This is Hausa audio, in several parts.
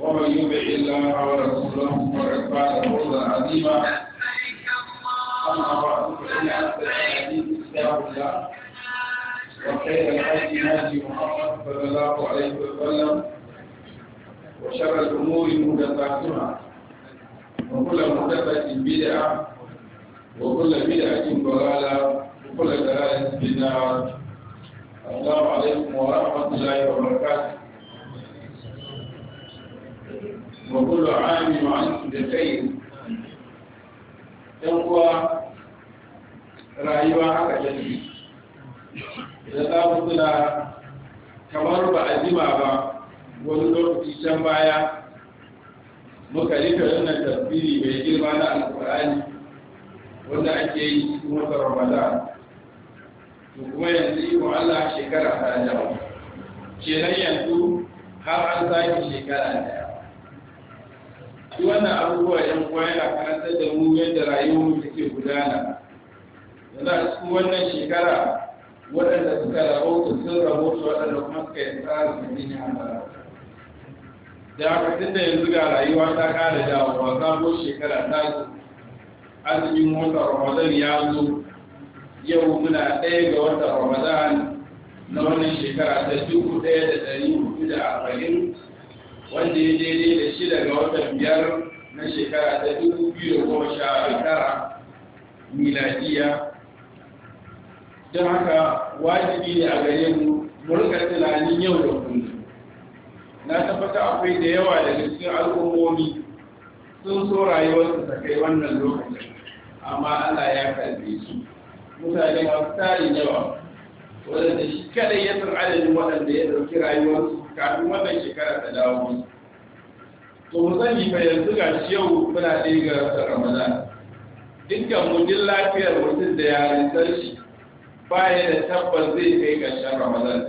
ومن يطع الله ورسوله فقد فاز فوزا عظيما أما بعد فإن أصدق الحديث كتاب الله وخير الهدي هدي محمد صلى الله عليه وسلم وشر الأمور محدثاتها وكل محدثة بدعة وكل بدعة ضلالة وكل ضلالة في النار السلام عليكم ورحمة الله وبركاته وكل عام وأنتم بخير yan kuwa rayuwa haka yake idan za mu tuna kamar ba a jima ba wani lokaci can baya muka rika wannan tasbiri mai girma na alkur'ani wanda ake yi kuma wata ramadan to kuma yanzu ikon allah shekara ta jawo kenan yanzu har an sake shekara daya shi wannan abubuwa yan uwa yana karantar da mu yadda rayuwar take gudana yanzu a cikin wannan shekara waɗanda suka rahoto sun rahoto waɗanda kuma suka yi tsara su yi hasara da haka tun da yanzu ga rayuwa ta ƙara dawowa sabo shekara ta zo azumin wata ramadan ya zo yau muna ɗaya ga wata ramadan na wannan shekara ta dubu ɗaya da ɗari hudu da arba'in wanda ya daidai da shi daga watan biyar na shekara ta dubu biyu da goma sha tara miladiya don haka wajibi ne a gare mu mu tunanin yau da kullum na tabbata akwai da yawa daga cikin al'ummomi sun so su ta kai wannan lokacin amma Allah ya karbe su mutane masu tarin yawa wadanda shi kadai ya san adadin waɗanda ya ɗauki rayuwarsu kafin wannan shekara ta dawo to mu sani fa yanzu ga shi yau muna ɗaya ga watan ramadan dukkan mu lafiyar mutum da ya yarintar shi ba ya da tabbas zai kai ƙarshen ramadan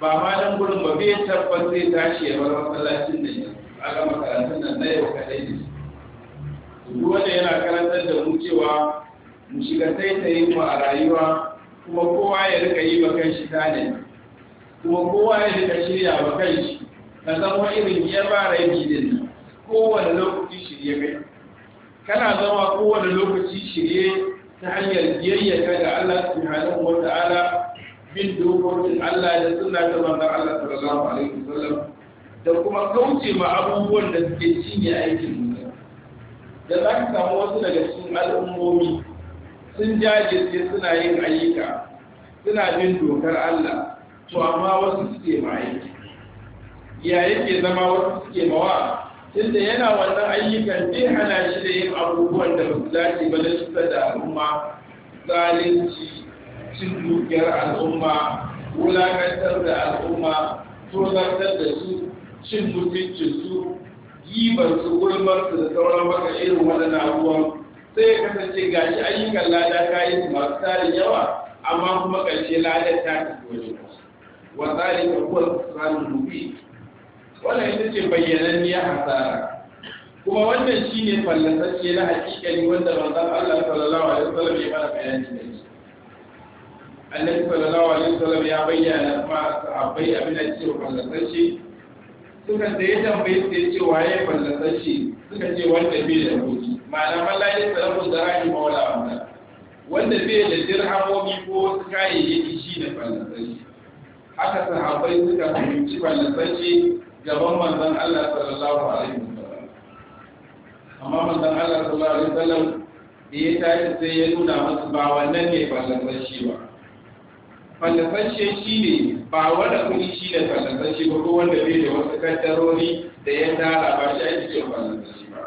ba ma nan gurin ba bai tabbas zai tashi ya bar masallacin ya a ga makarantun nan na yau kaɗai ne duk wanda yana karantar da mu cewa mu shiga taitayin mu a rayuwa kuma kowa ya rika yi kan shi tanadi kuma kowa ya rika shirya wa kai shi ka zama irin ya ba raiki gidan nan kowane lokaci shirye kai kana zama kowane lokaci shirye ta hanyar biyayya ga Allah subhanahu wa ta'ala bin dokokin Allah da sunna ta manzon Allah sallallahu alaihi wasallam da kuma kauce ma abubuwan da suke cinye aikin mutum da za ka samu wasu daga cikin al'ummomi sun jajirce suna yin ayyuka suna bin dokar Allah to amma wasu suke ma aiki ya yake zama wasu suke mawa tunda yana wannan ayyukan ne hana shi da yin abubuwan da ba su dace ba na cutar da al'umma zalunci cin dukiyar al'umma wulakantar da al'umma tozartar da su cin mutuncin su gibar su gulmar su da sauran maka irin waɗannan abubuwan sai ya kasance shi ayyukan lada kayan masu tarin yawa amma kuma ƙarshe lada ta tafi wajen wa zalika huwa al-khusran al-mubin wannan ita ce bayyananniya hasara kuma wannan shine fallasacce na hakikani wanda manzon Allah sallallahu alaihi wasallam ya fara bayani da shi annabi sallallahu alaihi wasallam ya bayyana ma sahabbai abin da cewa fallasacce suka da ya tambaye su ya ce waye fallasacce suka ce wanda bai da kuɗi ma'ana mallaye salamu da rahim mawla amda wanda bai da dirhamomi ko wasu kayayyaki shi ne fallasacce haka sahabbai suka fahimci ballantacce gaban manzan Allah sallallahu alaihi wasallam amma manzan Allah sallallahu alaihi wasallam da ya tashi sai ya nuna masu ba wannan ne ballantacce ba fallafashe shi ne ba wanda kuɗi shi ne fallafashe ba ko wanda bai da wasu kaddarori da ya tara ba shi ake cewa fallafashe ba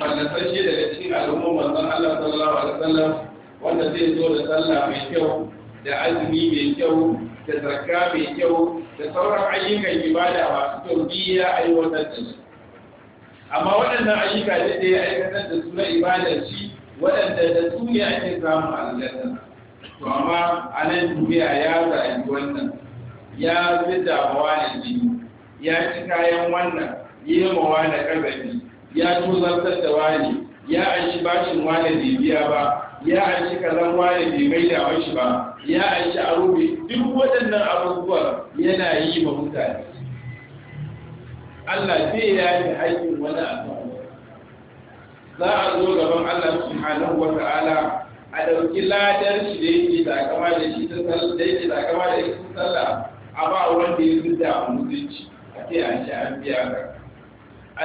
fallafashe daga cikin al'ummar manzan Allah sallallahu alaihi wasallam wanda zai zo da sallah mai kyau da azumi mai kyau da zarka mai kyau da sauran ayyukan ibada masu kyau biyu ya aiwatar da su amma waɗannan ayyuka da ya aikatar da su na ibadar shi waɗanda da su ne ake samun lalata to amma a nan duniya ya zaɓi wannan ya fi damuwa da jini ya ci kayan wannan ya yi mawa da kazafi ya tozartar da wani ya an shi bashin wani biya ba ya aishi kallon wani bai mai da wani ba ya aishi a rubi duk waɗannan abubuwa yana yi ma mutane Allah sai ya yi haƙƙin wani abu za a zo gaban Allah subhanahu wa ta'ala a ɗauki ladar shi da yake da kama da shi ta sallah da yake da kama da shi sallah a ba wanda ya zuta a musulunci, a kai an shi an biya ka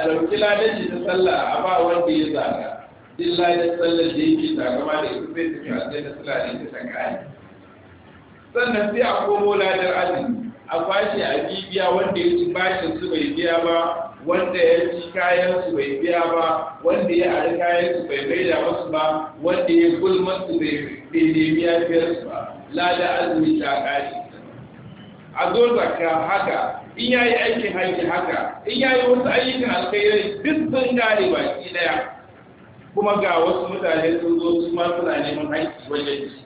a ɗauki ladar shi ta sallah a ba wanda ya zaga illa ya tsallar da yake takama da ita zai tafi aljanna suna da ita ta kayi sannan sai a komo ladar azumi a kwashe a bibiya wanda ya ci bashin su bai biya ba wanda ya ci kayan su bai biya ba wanda ya ari kayan su bai maida musu ba wanda ya gulma su bai nemi yafiyar su ba lada azumi ta kare a zo zaka haka in yayi aikin hajji haka in yayi wasu ayyukan alkhairai duk sun gane baki daya kuma ga wasu mutane sun zo su ma suna neman aiki wajen shi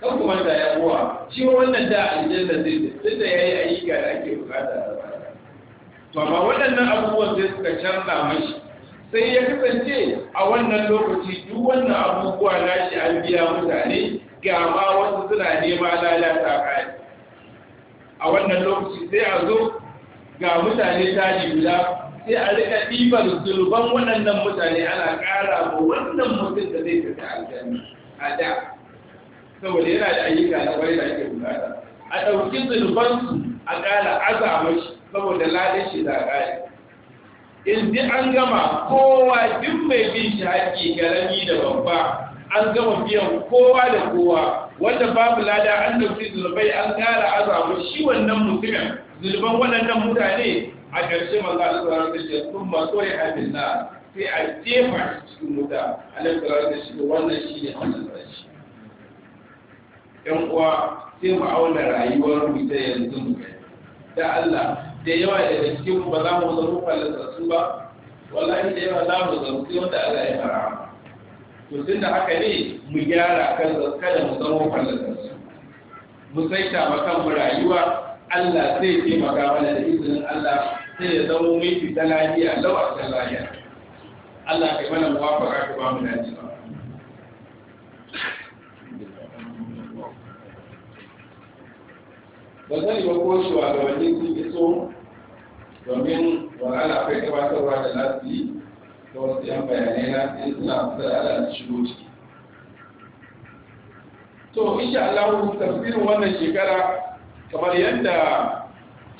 kan kuma da ya uwa shi wannan da aljanna zai duk da yayi ayyuka da ake bukata da ba. to amma waɗannan abubuwan sai suka canza mashi sai ya kasance a wannan lokaci duk wannan abubuwa na shi an biya mutane ga ma wasu suna nema lalata kai a wannan lokaci sai a zo ga mutane ta guda sai a rika ɗibar zulban waɗannan mutane ana ƙara ba wannan mutum da zai fita aljanna a da saboda yana da ayyuka na bai da ake bukata a ɗauki su a ƙara azama shi saboda ladan shi da ƙari in ji an gama kowa duk mai bin shi haƙƙi garami da babba an gama biyan kowa da kowa wanda babu lada an ɗauki zulbai an ƙara azama shi wannan mutumin zulban waɗannan mutane a ƙarshe manzo Allah sallallahu alaihi wasallam tun ma sore abin na sai a jefa shi cikin wuta Allah sallallahu alaihi wasallam wannan shi ne wannan rashi yan uwa sai mu auna rayuwar mu ta yanzu da Allah da yawa daga cikin ba za mu zama fallasa su ba wallahi da yawa za mu zama sai wanda Allah ya fara to tunda haka ne mu gyara kan kada mu zama fallasa su mu saita ba kan rayuwa Allah zai taimaka mana da izinin Allah sai ya zama mai fita lafiya lawa ta lafiya Allah kai mana muwafaka ka ba mu dace ba ba zan ba ko shi wa gabanni sun fi so domin wahala akwai gabatarwa da lafi da wasu yan bayanai na in suna kusa da ala shigo ciki to insha Allah tafsirin wannan shekara kamar yadda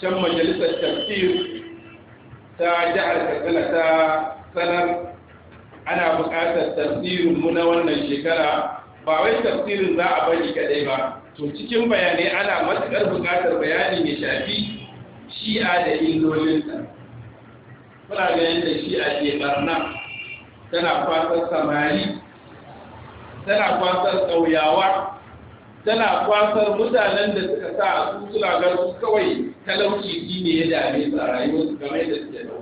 can majalisar tafsir ta jihar katsina ta sanar ana buƙatar mu na wannan shekara ba wai tafsirin za a bari kadai ba to cikin bayanai ana matuƙar buƙatar bayani mai shafi shi'a da illolinta kuna ga yadda shi'a ke barna tana kwasar samari tana kwasar ƙauyawa tana kwasar mutanen da suka sa a su suna kawai talauci shi ne ya dame su a rayuwarsu game da suke da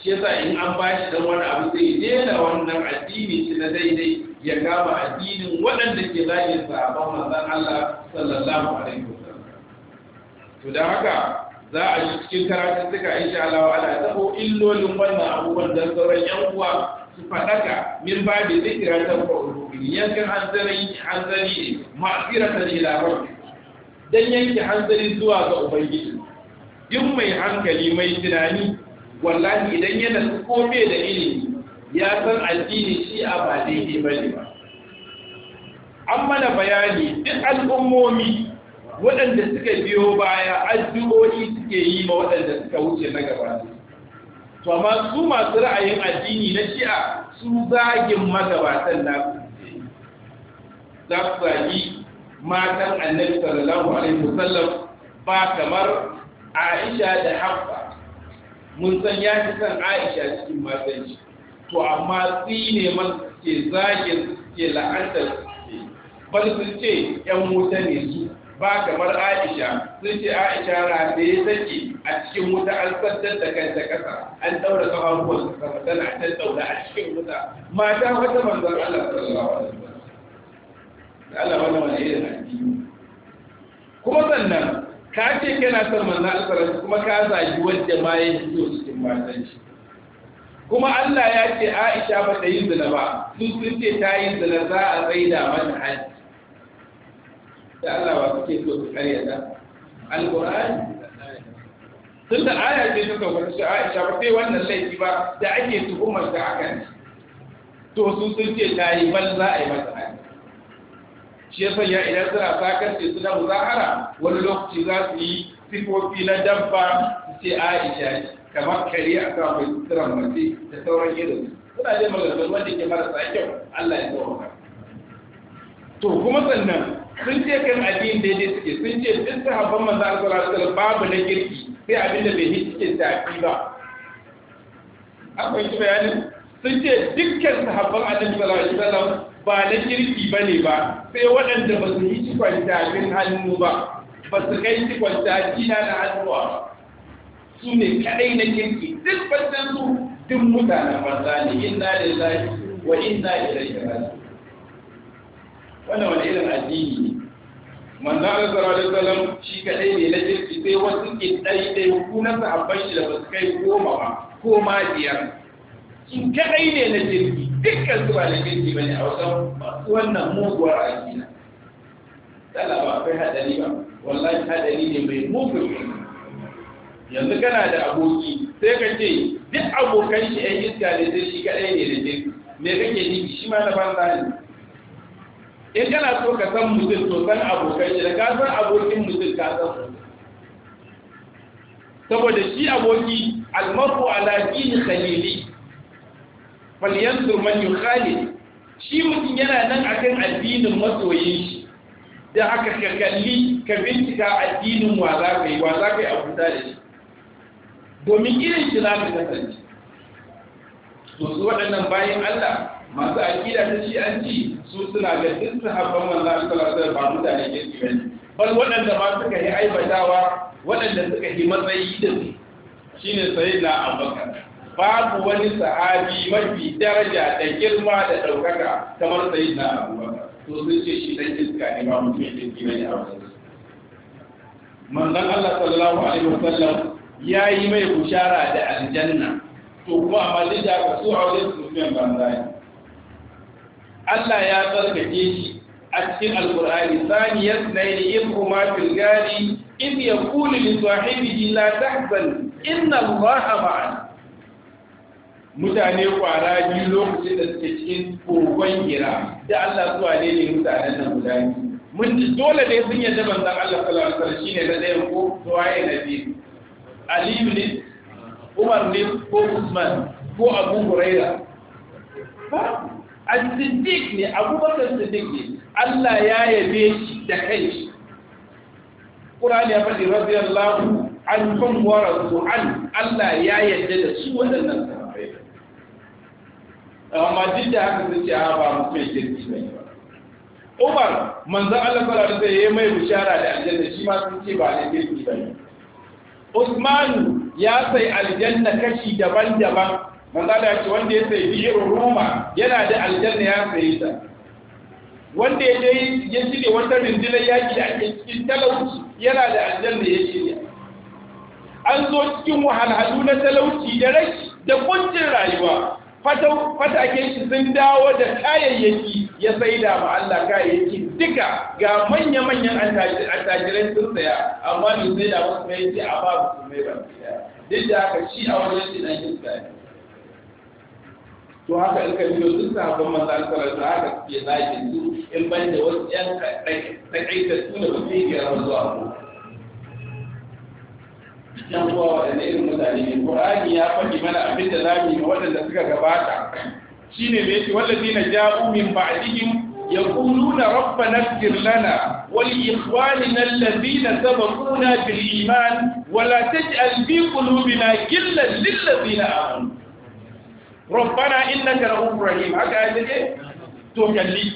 shi yasa in an bashi shi dan wani abu zai daina wannan addini shi na daidai ya kama addinin waɗanda ke zagin ban manzon Allah sallallahu alaihi wasallam to da haka za a ji cikin karatun suka insha Allah wa ala tabo illolin wannan abubuwan da sauran yan uwa su faɗaka min ba da zikira ta ko yankin hanzari hanzari ma'firatan ila rabbi don yanke hanzari zuwa ga ubangiji yin mai hankali mai tunani wallahi idan yana kome da ilimi ya san addini shi a ba daidai ba ne ba an mana bayani duk al'ummomi waɗanda suka biyo baya addu'o'i suke yi ma waɗanda suka wuce na gaba to su masu ra'ayin addini na shi'a su zagin magabatan nasu za su zagi matan annabi sallallahu alaihi wasallam ba kamar Aisha da Hafsa mun san ya fi san Aisha cikin matan shi to amma tsine man ke zagin ke la'antar bal sun ce yan wuta ne su ba kamar Aisha sun ce Aisha na da ya take a cikin wuta an sattar da kanta kasa an daura kafafuwan sama tana tattauna a cikin wuta mata wata manzon Allah sallallahu alaihi da Allah wani wani irin addini kuma sannan ka ce kana son manzon Allah sallallahu kuma ka zagi wanda ma ya fito cikin matan shi kuma Allah ya ce Aisha ba ta yi zina ba su sun ce ta yi zina za a tsaida mata haji da Allah ba su suke so su karyata alqur'ani tun da aya ce suka wani su aisha ba sai wannan laifi ba da ake tuhumar da aka ne to sun sun ce ta yi ban za a yi masa ayi shi yasa ya idan suna ce suna muzahara wani lokaci za su yi sifofi na dabba su ce aisha kamar kare a kan mai suturan mace da sauran su suna jin da wanda ke marasa kyau allah ya zo to kuma sannan sun ce kan addinin daidai suke sun ce duk sahabban manzo Allah sallallahu alaihi babu na kirki sai abin da bai cikin tafi ba akwai shi bayanin sun ce dukkan sahabban annabi sallallahu alaihi wasallam ba na kirki ba ne ba sai waɗanda ba su yi cikon cikin hannu ba ba su kai cikon cikin na hannuwa su ne kaɗai na kirki duk bandan su duk mutanen za ne inna zai wa inna ba su wannan wani irin addini ne manzo Allah sallallahu alaihi wasallam shi kadai ne na jirgi sai wasu ke dai dai hukunan a bashi da su kai goma ba ko ma biyar shi kadai ne na jirgi dukkan su ba da kirki bane a wasan masu wannan muguwar aƙida dala ba kai hadari ba wallahi hadari ne mai mugun yanzu kana da aboki sai ka ce duk abokan shi ɗan iska ne sai shi kaɗai ne da ke me kake nufi shi ma na banza ne in kana so ka san mutum to san abokan shi da ka san abokin mutum ka san saboda shi aboki almaru ala dini khalili falyanzur man yukhali shi mutum yana nan akan addinin masoyin shi da haka ka kalli ka bincika addinin wa za ka yi wa za ka yi abu da shi domin irin shi za ka kasance to su waɗannan bayan Allah masu aƙida ta shi an ci su suna ga duk sahabban manzon sallallahu alaihi ba mutane ke ci bane bal waɗanda ba suka yi aibatawa waɗanda suka yi matsayi da su shine sayyidina Abubakar babu wani sahabi mafi daraja da girma da ɗaukaka kamar sai na abubakar to sun ce shi dan iska ne ba mutum ya ji ne a manzon Allah sallallahu alaihi wasallam ya yi mai bushara da aljanna to kuma amma duk da ka so a wajen sufiyan banza ne Allah ya tsarkake shi a cikin alkur'ani saniyat nayi in kuma fil gari in yaqulu li sahibihi la tahzan inna allaha ma'ana mutane kwara biyu lokacin da suke cikin kogon gira da Allah zuwa ne ne mutanen nan guda biyu mun dole ne sun yadda manzon Allah sallallahu alaihi wasallam shine na ɗayan ko zuwa ya na biyu Aliyu ne Umar ne ko Usman ko Abu Huraira As-Siddiq ne Abu Bakar Siddiq ne Allah ya yabe shi da kai shi Qur'ani ya faɗi radiyallahu anhum wa radu an Allah ya yadda da su wannan amma duk da haka sun ce a ba mu kai kirki ne Umar manzo Allah sallallahu alaihi wasallam mai bishara da aljanna shi ma sun ce ba ne kirki ne Usman ya sai aljanna kashi daban-daban manzo Allah ya ce wanda ya sai biyar Roma yana da aljanna ya sai ta wanda ya je ya shirya wata rundunar yaki da ake cikin talauci yana da aljanna ya shirya an zo cikin wahalhalu na talauci da rashi da kuncin rayuwa fataken shi sun dawo da kayayyaki ya sai da Allah kayayyaki duka ga manya-manyan attajirai sun saya amma sai da wasu mai ce a babu su mai ba duk da haka shi a wajen shi na yin sa to haka in ka biyo duk sabon manzan da haka suke zaki in ban da wasu 'yan takaitattu da ba su yi zuwa yan uwa irin mutane ne qur'ani ya faɗi mana abin da za mu yi waɗanda suka gabata shine da yake wallazina ja'u min ba'dihim يقولون ربنا اغفر لنا ولإخواننا الذين سبقونا بالإيمان ولا تجعل في قلوبنا غلا للذين آمنوا ربنا إنك haka رحيم to توكلي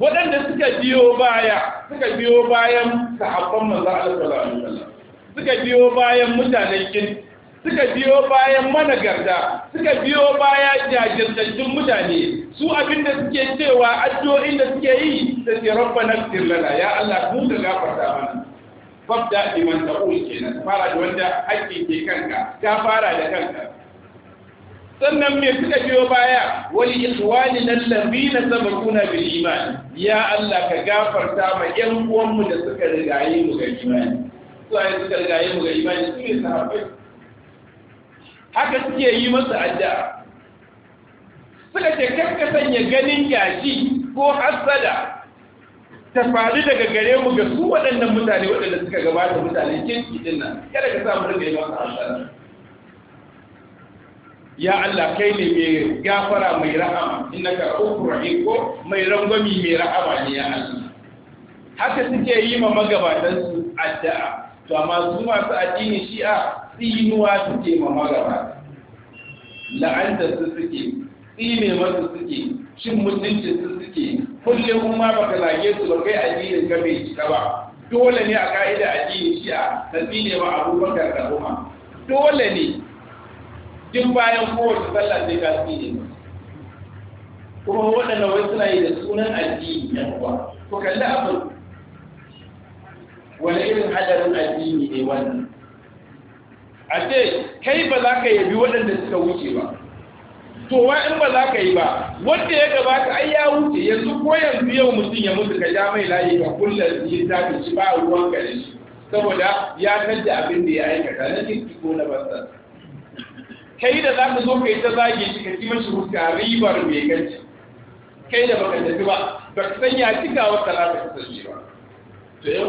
waɗanda suka biyo baya suka biyo bayan sahabban manzo Allah sallallahu alaihi wasallam suka biyo bayan mutanen kin suka biyo bayan managarda suka biyo baya jajirtattun mutane su abinda suke cewa addu'o'in da suke yi da rabba na lana ya Allah mu da gafarta mana fabda liman ta'ul kenan fara da wanda hakki ke kanka ka fara da kanka sannan me suka biyo baya wali ikhwani nan lambina sabakuna bil iman ya Allah ka gafarta ma yan uwanmu da suka rigaye mu ga imani su ayi suka riga yi muga imani su ne sahabbai haka suke yi masa addu'a suka ce karka sanya ganin yashi ko hasada ta faru daga gare mu ga su waɗannan mutane waɗanda suka gabata mutane kin cikin nan kada ka samu riga yi masa hasada ya Allah kai ne mai gafara mai rahama innaka rahimur rahim ko mai rangwami mai rahama ne ya Allah haka suke yi ma magabatan su addu'a to amma su masu addinin shi'a tsinuwa suke ma magaba la'anta su suke tsine masu suke cin mutunci su suke kullum kuma baka lage su ba kai addinin ka bai cika ba dole ne a ka'ida addinin shi'a ta tsine ma abubakar da kuma dole ne duk bayan kowace sallah sai ka tsine ma kuma waɗanda wai suna yi da sunan addini yan uwa to kalli abin wani irin hadarin addini ne wannan a ce kai ba za ka yabi waɗanda suka wuce ba to wa in ba za ka yi ba wanda ya gabata ai ya wuce yanzu ko yanzu yau mutum ya mutu ka ja mai layi ka kullum yi zafi shi ba ruwan gare shi saboda ya canza abin da ya aikata na jin ko na banza kai da za ka zo ka yi ta zage shi ka ji mashi huska ribar mai ganci kai da baka tafi ba ba ka san ya cika wata za ka kasance ba to yan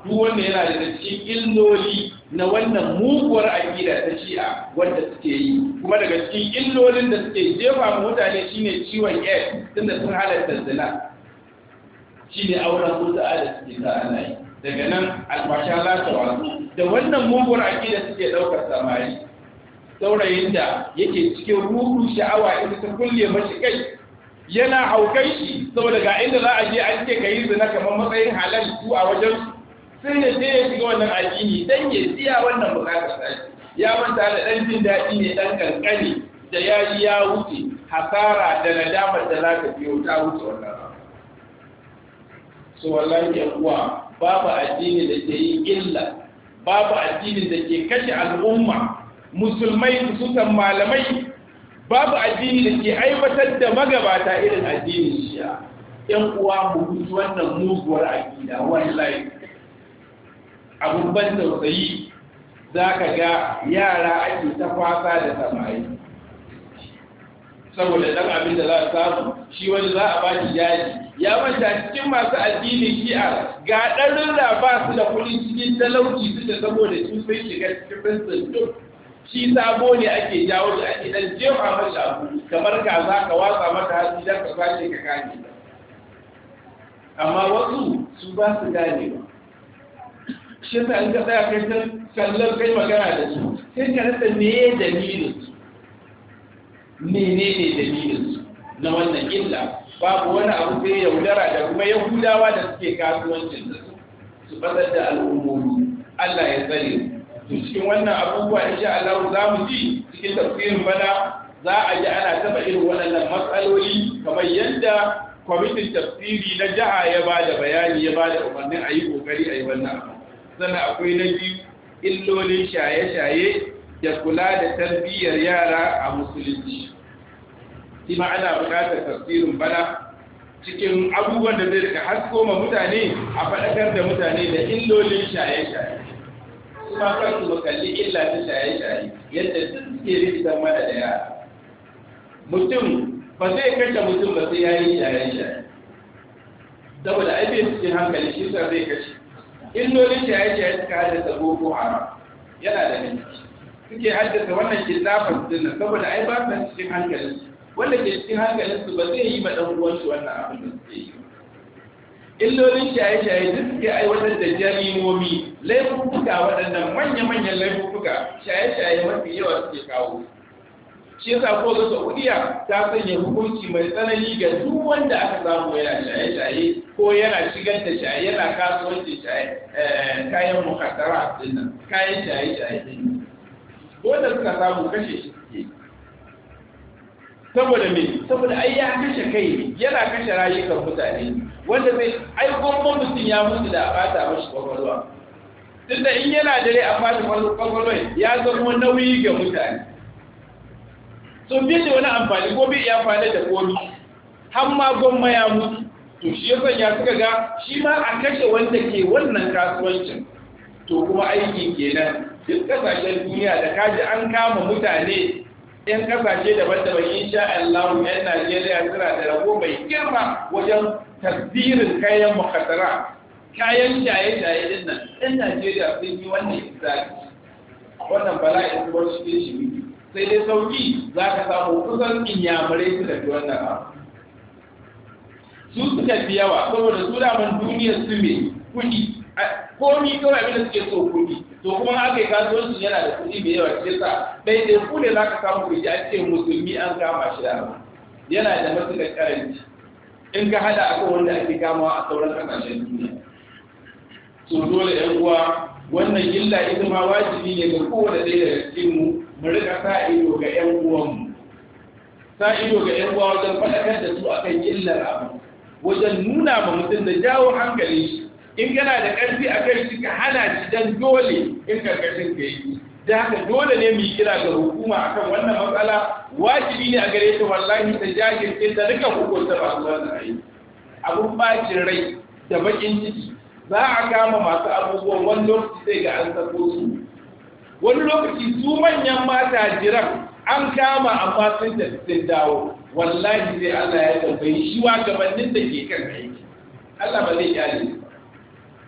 duk wanda yana da cikin illoli na wannan muguwar aƙida ta shi'a wanda suke yi kuma daga cikin illolin da suke jefa mutane shine ciwon AIDS tunda sun halatta zina shine auren mutu'a da suke sa ana yi daga nan alfasha za wasu da wannan muguwar aƙida suke ɗaukar samari saurayin da yake cikin ruhu sha'awa ita ta kulle mashi kai yana haukai shi saboda ga inda za a je an ce ka yi zina kamar matsayin halal su a wajen sai ya sai ya shiga wannan addini dan ya tsiya wannan bukatar sa ya manta da dan jin daɗi ne dan kankani da ya ji ya wuce hasara da nadamar da za ta biyo ta wuce wannan so wallahi ya kuwa babu addini da ke yi illa babu addini da ke kashe al'umma musulmai kusutan malamai babu addini da ke aiwatar da magabata irin addinin shi'a yan uwa mu guji wannan muguwar aƙida wallahi abun ban tausayi za ka ga yara ake ta fasa da samari saboda dan abin da za a samu shi wani za a ba shi yaji ya manta cikin masu addini shi'a ga ɗarin ba su da kuɗin cikin talauci su da saboda sun sun shiga cikin duk shi sabo ne ake jawo da ake idan jefa masa abu kamar ka za ka watsa mata hannu don ka kwace ka gane amma wasu su ba su gane ba shi ta an ka tsaya kai kallon kai magana da su sai ka rasa me dalilin su menene dalilin su na wannan illa babu wani abu sai yaudara da kuma yahudawa da suke kasuwancin da su su fasar da al'ummomi Allah ya tsare cikin wannan abubuwa insha Allah za mu ji cikin tafsirin bana za a ji ana taba irin waɗannan matsaloli kamar yadda kwamitin tafsiri na jiha ya ba da bayani ya ba da umarnin a yi ƙoƙari a yi wannan abu sannan akwai na biyu illolin shaye-shaye da kula da tarbiyyar yara a musulunci shi ma ana buƙatar tafsirin bana cikin abubuwan da zai rika hasko ma mutane a faɗakar da mutane da illolin shaye-shaye kuma kan su kalli illa ta shaye-shaye yadda duk suke rikitar mana da yara mutum ba zai kashe mutum ba sai ya yi shaye-shaye saboda ai bai cikin hankali shi sa zai kashe illolin shaye-shaye suka haddasa boko haram yana da ne suke haddasa wannan kidnappers din nan saboda ai ba su cikin hankali wanda ke cikin hankalinsu su ba zai yi ma ɗan uwansu wannan abin da suke yi illolin shaye-shaye duk suke aiwatar da jarimomi laifuka waɗannan manya-manyan laifuka shaye-shaye mafi yawa suke kawo shi yasa ko ga Saudiya ta sanya hukunci mai tsanani ga duk wanda aka samu yana shaye-shaye ko yana shigar da shaye yana kasuwanci shaye eh, kayan mukaddara din nan kayan shaye-shaye din da suka samu kashe shi saboda me saboda ai ya kashe kai yana kashe rayukan mutane wanda zai ai gwamnan mutum ya mutu da a bata mashi kwakwalwa tunda in yana dare a fata kwakwalwa ya zama nauyi ga mutane so bai da wani amfani ko bai ya fada da komi har ma gwamma ya mutu to shi ya sanya suka ga shi ma a kashe wanda ke wannan kasuwancin to kuma aiki kenan duk kasashen duniya da kaji an kama mutane yan kasashe daban-daban insha Allah yan Najeriya suna da rago mai girma wajen tasirin kayan makasara kayan shaye-shaye din nan yan Najeriya sun yi wannan izaki wannan bala'i su ke shi sai dai sauki za ka samu kusan inyamare su da wannan abu su suka fi yawa saboda su daman duniyar su mai kuɗi komi kawai abin da suke so kuɗi to kuma aka yi kasuwanci yana da kuɗi mai yawa ce sa bai da ku ne za ka samu kuɗi a ce musulmi an kama shi da yana da matsalar karanci in ka hada akan wanda ake kama a sauran kasashen duniya to dole ɗan uwa wannan illa ita ma wajibi ne ga kowane ɗaya daga cikin mu mu rika sa ido ga ƴan uwanmu sa ido ga ƴan uwa wajen faɗakar da su akan illar abu wajen nuna ma mutum da jawo hankalin shi in gana da ƙarfi a kai shi ka hana shi don dole in karkashin ka yi da haka dole ne mu yi kira ga hukuma A kan wannan matsala wajibi ne a gare ta wallahi ta ɗin ta rika hukunta masu wannan ayi abun bacin rai da bakin ciki za a kama masu abubuwan wani lokaci sai ga an sako su wani lokaci su manyan mata jiran an kama amma sun tafi sun dawo wallahi sai Allah ya tambayi shi wa gabanin da ke kan aiki Allah ba zai kyale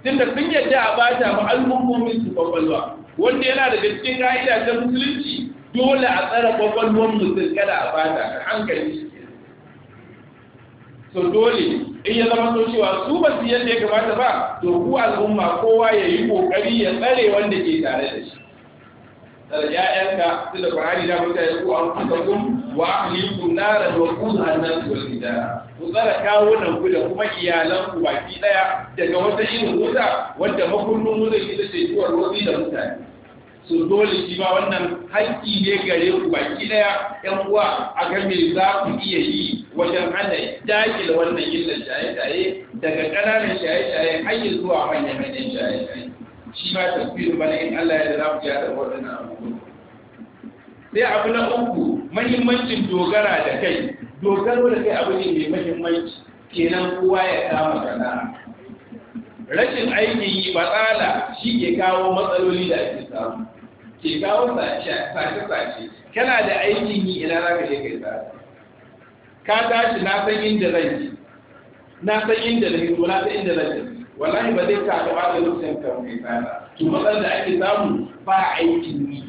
tunda sun yadda a ta ba al'ummomin su kwakwalwa wanda yana daga cikin ra'ida ta musulunci dole a tsara kwakwalwan Musul kada a bata a hankali so dole in ya zama so cewa su ba su yadda ya kamata ba to ku al'umma kowa ya yi kokari ya tsare wanda ke tare da shi ya'yanka su da Qur'ani da muka yi ku an kuka kun wa ahlikum naran wa qudha an-nas wal hijara ku tsara kawunan ku da kuma iyalan ku baki daya daga wata yin wuta wanda makullun wuta ita ce tuwar da mutane su dole shi ma wannan haƙƙi ne gare ku baki daya ƴan uwa a ga me za ku iya yi wajen hana dakile wannan illar shaye-shaye daga ƙananan shaye-shaye har zuwa manyan manyan shaye-shaye shi ma tafiyar bana in Allah ya za mu da waɗannan abubuwa sai abu na uku mahimmancin dogara da kai dogaro da kai abu ne mai mahimmanci kenan kowa ya kama sana'a rashin aikin yi tsala shi ke kawo matsaloli da ake samu ke kawo sace-sace kana da aikin yi ina za ka je kai tsara ka tashi na san inda zan je na san inda na hito na san inda zan je wallahi ba zai taɓa ba da lokacin kan mai tsada to matsalar da ake samu ba aikin yi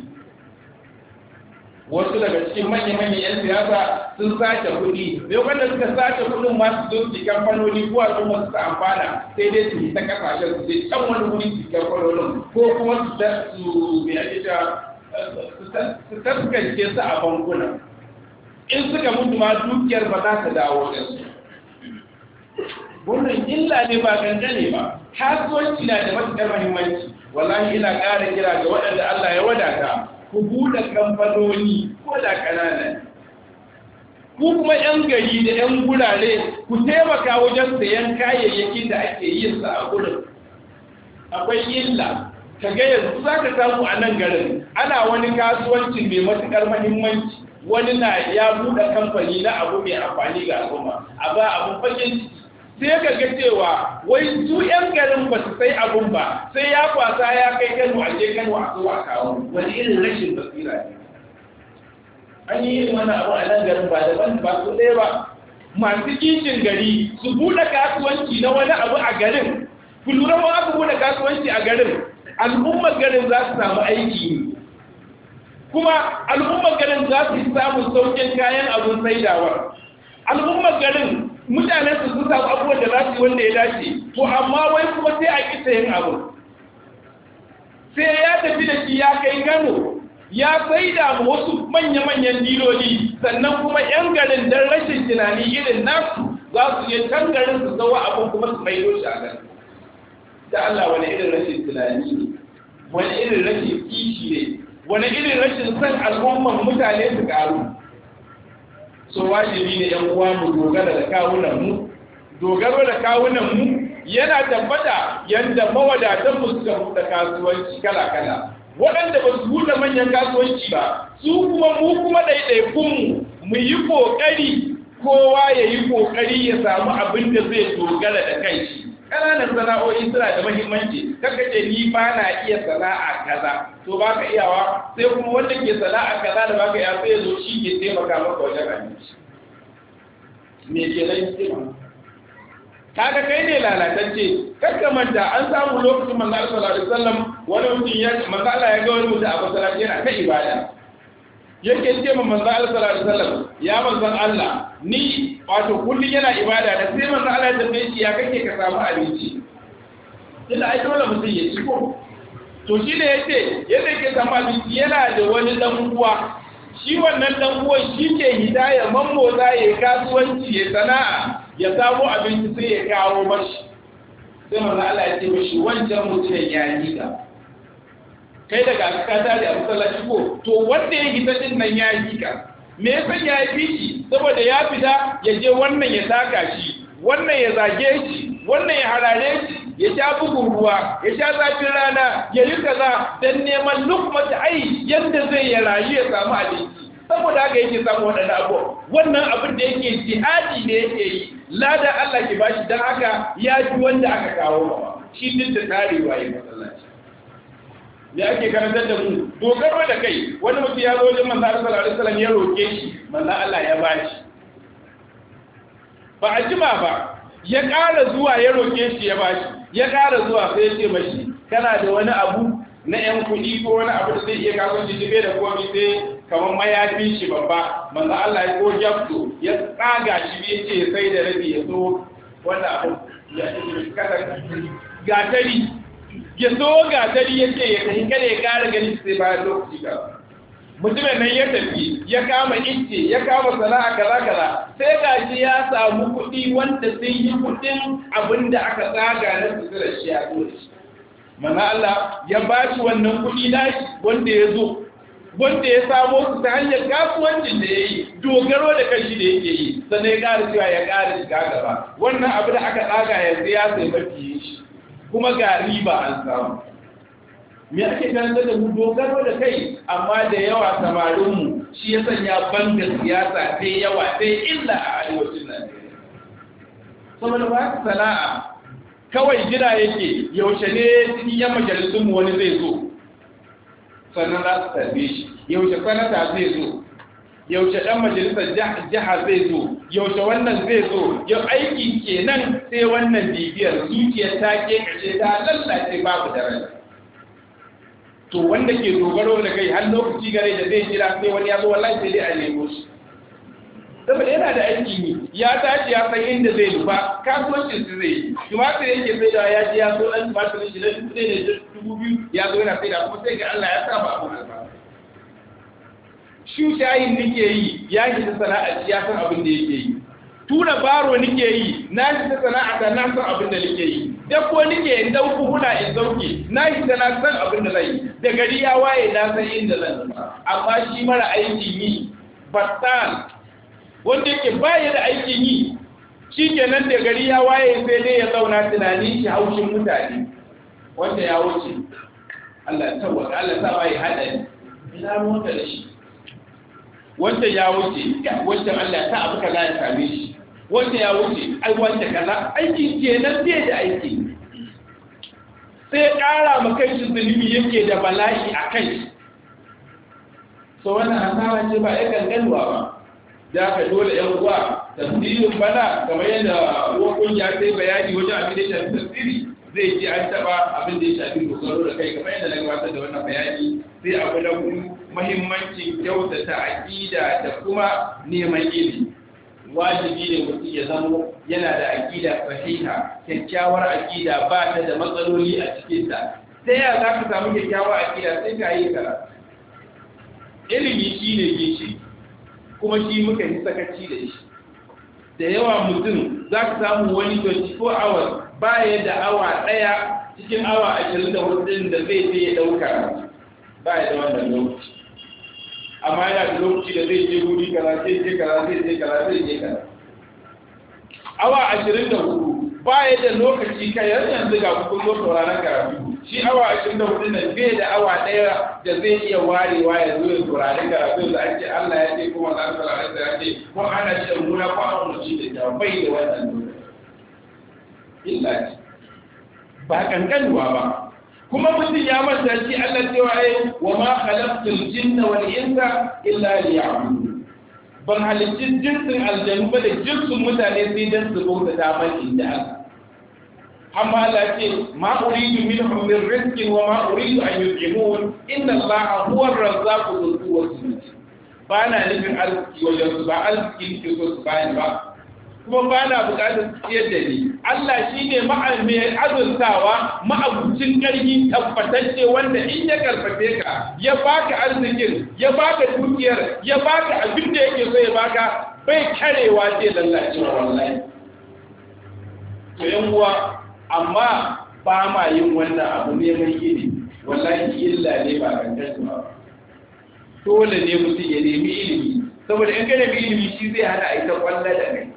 wasu daga cikin manya-manyan 'yan siyasa sun sace kuɗi bai wanda suka sace kuɗin masu su zo su kamfanoni ko a kuma su amfana sai dai su ta kasashen su sai can wani wuri su kamfanonin ko kuma su ta su biya ita su taskance su a bankuna in suka mutu ma dukiyar ba za ta dawo da su wannan illa ne ba dangane ba kasuwanci na da matuƙar muhimmanci wallahi ina ƙara kira ga waɗanda Allah ya wadata ku buɗe kamfanoni ko da kanana ku kuma 'yan gari da 'yan gurare ku taimaka wajen sayan kayayyakin da ake yin sa a gurin akwai illa ka ga yanzu za ka samu a nan garin ana wani kasuwanci mai matuƙar mahimmanci wani na ya buɗe kamfani na abu mai amfani ga al'umma a ba abu fagen ciki sai ka ga cewa wai su ƴan garin ba su sai abun ba sai ya kwasa ya kai kano a ke kano a zuwa kawo wani irin rashin basira ne an yi irin wani abu a nan garin ba daban ba su ɗaya ba masu kishin gari su buɗe kasuwanci na wani abu a garin ku lura ma aka buɗe kasuwanci a garin al'ummar garin za su samu aiki kuma al'ummar garin za su samu saukin kayan abun saidawa al'ummar garin mutanen su sun samu abubuwan da za su yi wanda ya dace to amma wai kuma sai a kisa yin abu sai ya tafi da shi ya kai gano ya sai da wasu manya-manyan diloli sannan kuma 'yan garin don rashin tunani irin nasu za su yi can garin su zawa abin kuma su maido shi a gani da Allah wani irin rashin tunani ne wani irin rashin kishi ne wani irin rashin son al'umman mutane su karu so wajibi ne yan uwa mu dogara da kawunan mu dogaro da kawunan mu yana tabbata yanda mawadatan mu suka buɗe kasuwanci kala kala waɗanda ba su buɗe manyan kasuwanci ba su kuma mu kuma ɗaiɗaikun mu mu yi ƙoƙari kowa ya yi ƙoƙari ya samu abin da zai dogara da kanshi ƙananan sana'o'i suna da mahimmanci kaka ce ni ba na iya sana'a kaza to ba ka iyawa sai kuma wanda ke sana'a kaza da ba ka iya sai ya zo shi ke taimaka maka wajen abinci me ke nan hikima kaga kai ne lalatacce kakka manta an samu lokacin manzo Allah sallallahu alaihi wasallam wani mutum ya manzo Allah ya ga wani mutum a masallaci yana ta ibada yake ce manzo Allah sallallahu alaihi wasallam ya manzo Allah ni wato kullum yana ibada da sai manzo Allah ya shi ya kake ka samu abinci illa ai dole mutum ya ci ko to shi ne yace yadda yake samu abinci yana da wani dan uwa shi wannan dan uwan shi ke hidaya za, ya kasuwanci ya sana'a ya samu abinci sai ya kawo mashi sai manzo Allah ya ce mashi wancan mutum ya yi ka kai daga ka tare a masallaci ko to wanda ya hita din nan ya yi ka me yasa ya yi shi saboda ya fita ya je wannan ya taka shi wannan ya zage shi wannan ya harare shi ya sha bugun ruwa ya sha zafin rana ya yi kaza don neman lukmata ai yadda zai ya rayu ya samu abinci saboda haka yake samu waɗannan abu. wannan abin da yake jihadi ne yake yi lada Allah ke bashi don haka ya ji wanda aka kawo shi duk da tarewa ya masallaci da ake karantar da mu dogaro da kai wani mutu ya zo wajen manzo Allah sallallahu alaihi wasallam ya roke shi manzo Allah ya bashi ba a jima ba ya ƙara zuwa ya roke shi ya bashi ya ƙara zuwa sai ya ce mashi kana da wani abu na yan kudi ko wani abu da zai iya kawo shi jibe da komai sai kamar mayafin shi babba manzo Allah ya ko jabto ya tsaga shi ya ce sai da rabi ya zo wannan abu ya kada gatari ya zo ga dare ya ya kai, kada ya kara gani sai bayan lokaci ga mutumin nan ya tafi ya kama ince ya kama sana'a kaza kaza sai ga shi ya samu kuɗi wanda zai yi kuɗin abin da aka tsaga na zira shi a dole mana Allah ya ba shi wannan kuɗi na shi wanda ya zo wanda ya samo su ta hanyar kasuwancin da ya yi dogaro da kashi da yake yi sannan ya ƙara cewa ya ƙara shiga gaba wannan abu da aka tsaga yanzu ya sai mafi shi kuma ga riba an samu me ake ganin da mu dogaro da kai amma da yawa samarinmu shi ya sanya banda siyasa ta yawa ta illa a arewacin nan. saboda ba sana'a kawai gida yake yaushe ne cikin yan mu wani zai zo sannan za su tarbe shi yaushe sanata zai zo yaushe ɗan majalisar jiha zai zo yaushe wannan zai zo yau aiki kenan sai wannan bibiyar zuciyar ta ke kashe ta lallace babu daren to wanda ke dogaro da kai har lokaci gare da zai jira sai wani ya zo wallahi sai dai a nemo shi saboda yana da aiki ne ya tashi ya san inda zai nufa kasuwancin su zai yi tumatir yake sai da ya ji ya zo ɗan fasirin shi na dubu biyu ya zo yana sai da kuma sai ga Allah ya saba abu albarka shi shayin nake yi ya shi ta sana'a ya san abin da yake yi tura baro nike yi na shi ta sana'a ta na san abin da nike yi dabbo nike in dauku hula in dauke na shi ta na san abin da zai da gari ya waye na san inda zan amma shi mara aikin yi battal wanda yake baya da aikin yi shi nan da gari ya waye sai dai ya zauna tunani shi haushin mutane wanda ya wuce Allah wa Allah ta bai hada ina mota da shi wanda ya wuce wanda Allah ya sa abu kaza ya same shi wanda ya wuce ai wanda kaza aiki kenan zai da aiki sai ƙara ma kai shi zunubi yake da bala'i a kai so wannan hasara ce ba ya gangalwa ba da ka dole yan uwa tasirin bana kamar yadda uwa ya sai bayani wajen abin da ya shafi tasiri zai ji an taɓa abin da ya shafi dogaro da kai kamar yadda na gabatar da wannan bayani sai abu na hudu mahimmancin kyautata aƙida da kuma neman ilimi wajibi ne mutum ya zamo yana da aƙida fahimta, kyakkyawar aƙida ba ta da matsaloli a cikinta sai ya za ka samu kyakkyawar aƙida sai ka yi kara ilimi shi ne gishi kuma shi muka yi sakaci da shi da yawa mutum za ka samu wani 24 hours baya da awa ɗaya cikin awa 24 ɗin da zai ya ɗauka ba ya da wannan lokaci amma yana da lokaci da zai je wuri kaza zai je kaza zai je kaza zai je kaza awa ashirin da hudu ba ya da lokaci kai yanzu yanzu ga kun zo sauraron karatu shi awa ashirin da hudu nan bai da awa ɗaya da zai iya warewa ya zo ya saurari karatu da ake Allah ya ce kuma za su saurari da ake ko ana shan muna ko an mutu da ta bai da wannan lokaci illa ba kankanuwa ba kuma mutum ya manta shi Allah cewa ai wa ma khalaqtul jinna wal insa illa liya'budun ban halicci jinsin aljanu ba da jinsin mutane sai dan su bauta ta ban inda Allah amma Allah ce ma uridu minhum min rizqin wa ma uridu an yut'imun inna Allaha huwa ar-razzaqu dhul quwwati ba na nufin arziki wajen su ba arziki ke so su bayan ba kuma ba na bukatar ciyar da ni Allah shi ne mai azurtawa ma'abucin ƙarfi tabbatacce wanda in ya karfafe ka ya baka arzikin ya baka dukiyar ya baka abin da yake so ya baka bai karewa ce lallacewa wallahi to yan uwa amma ba ma yin wannan abu ne mai gini wallahi illa ne ba kankan ba dole ne mutum ya nemi ilimi saboda in ka nemi ilimi shi zai hana a ita kwalla da kai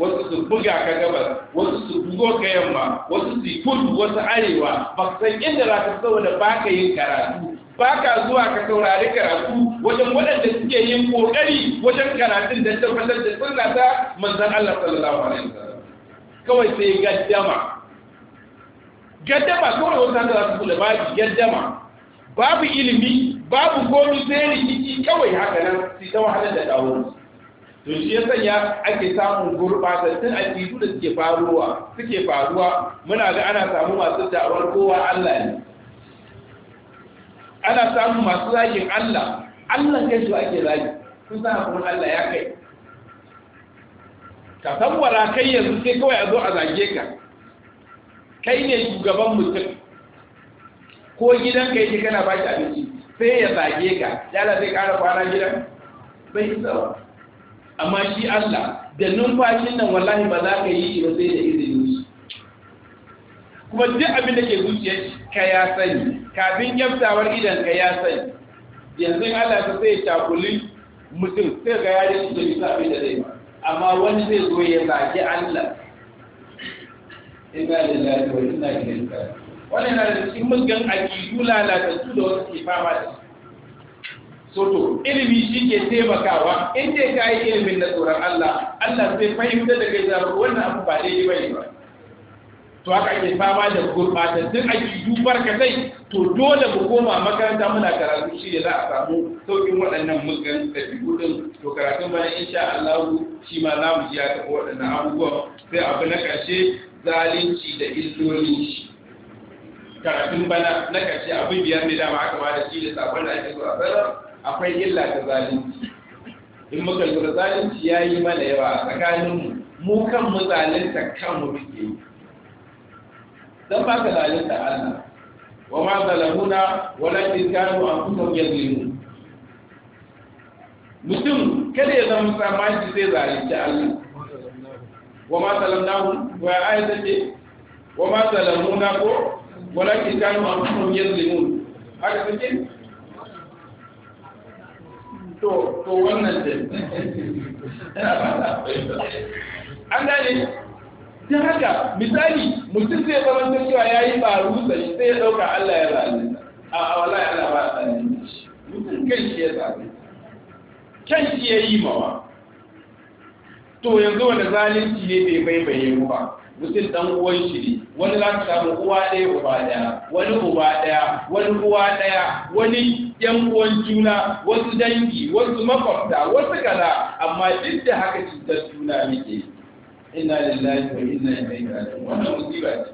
wasu su buga ka gabas wasu su bugo ka yamma wasu su kudu wasu arewa ba san inda za ka saboda ba ka yin karatu ba ka zuwa ka saurari karatu wajen waɗanda suke yin ƙoƙari wajen karatun da tabbatar da sunna ta manzon Allah sallallahu alaihi wasallam kawai sai gaddama gaddama kawai wasu hanta za su kula babu gaddama babu ilimi babu komi sai rikici kawai haka nan sai ta wahalar da ɗawo to shi ya sanya ake samun gurbatattun aƙidu da suke faruwa suke faruwa muna ga ana samu masu da'awar kowa Allah ne ana samu masu zagin Allah Allah kai su ake zagi sun sa kuma Allah ya kai ka tambara kai yanzu sai kawai a zo a zage ka kai ne shugaban mutum ko gidan kai yake kana ba shi abinci sai ya zage ka yala zai ƙara kwana gidan bai yi amma shi Allah da numfashin nan wallahi ba za ka yi shi ba sai da izinin shi kuma duk abin da ke zuciyar ka ya sani kafin yabtawar idan ka ya sani yanzu Allah ta sai takulin mutum sai ga yare shi da bisa abin da zai ba amma wani zai zo ya zaki Allah Ina da lafiya ina da raji'un wannan na da cikin mulkin akidu lalata su da wasu ke fama da su Soto, ilimi shi ke taimakawa in dai ka yi ilimin na tsoron Allah Allah zai fahimta da kai zarar wannan abu ba daidai bai ba to haka ke fama da yi, aƙidu zai. to dole mu koma makaranta muna karatu shi da za a samu sauƙin waɗannan mugan da ɗin to karatun bana insha Allah shi ma za mu jiya ya taɓa waɗannan abubuwan sai abu na ƙarshe zalunci da illolin shi karatun bana na ƙarshe abin biyar ne dama aka ba da shi da sabon da ake zuwa a akwai illa ta zalunci in muka lura zalunci ya yi mana yawa tsakanin mu kan mu zalunta kan mu muke yi don ba ka zalunta Allah wa ma zalamuna lafi kanu anfusahum yazlimun mutum kada ya zama samaji zai zalunci Allah wa ma zalamnahu wa ayata zace wa ma zalamuna ko lafi kanu anfusahum yazlimun haka take to to wannan din an gane don haka misali mutum zai zama ta cewa ya yi faru sai sai ya ɗauka Allah ya zaɓe a wallahi Allah ba a tsanin shi mutum kan shi ya zaɓe kan shi ya yi mawa to yanzu wani zalunci ne bai bai yi ba mutum dan uwan shi ne wani za ka samu uwa ɗaya uba ɗaya wani uba ɗaya wani uwa ɗaya wani yan uwan juna wasu dangi wasu makwabta wasu kaza amma duk da haka cutar juna muke ina lillahi wa inna ilaihi raji'un wannan musiba ce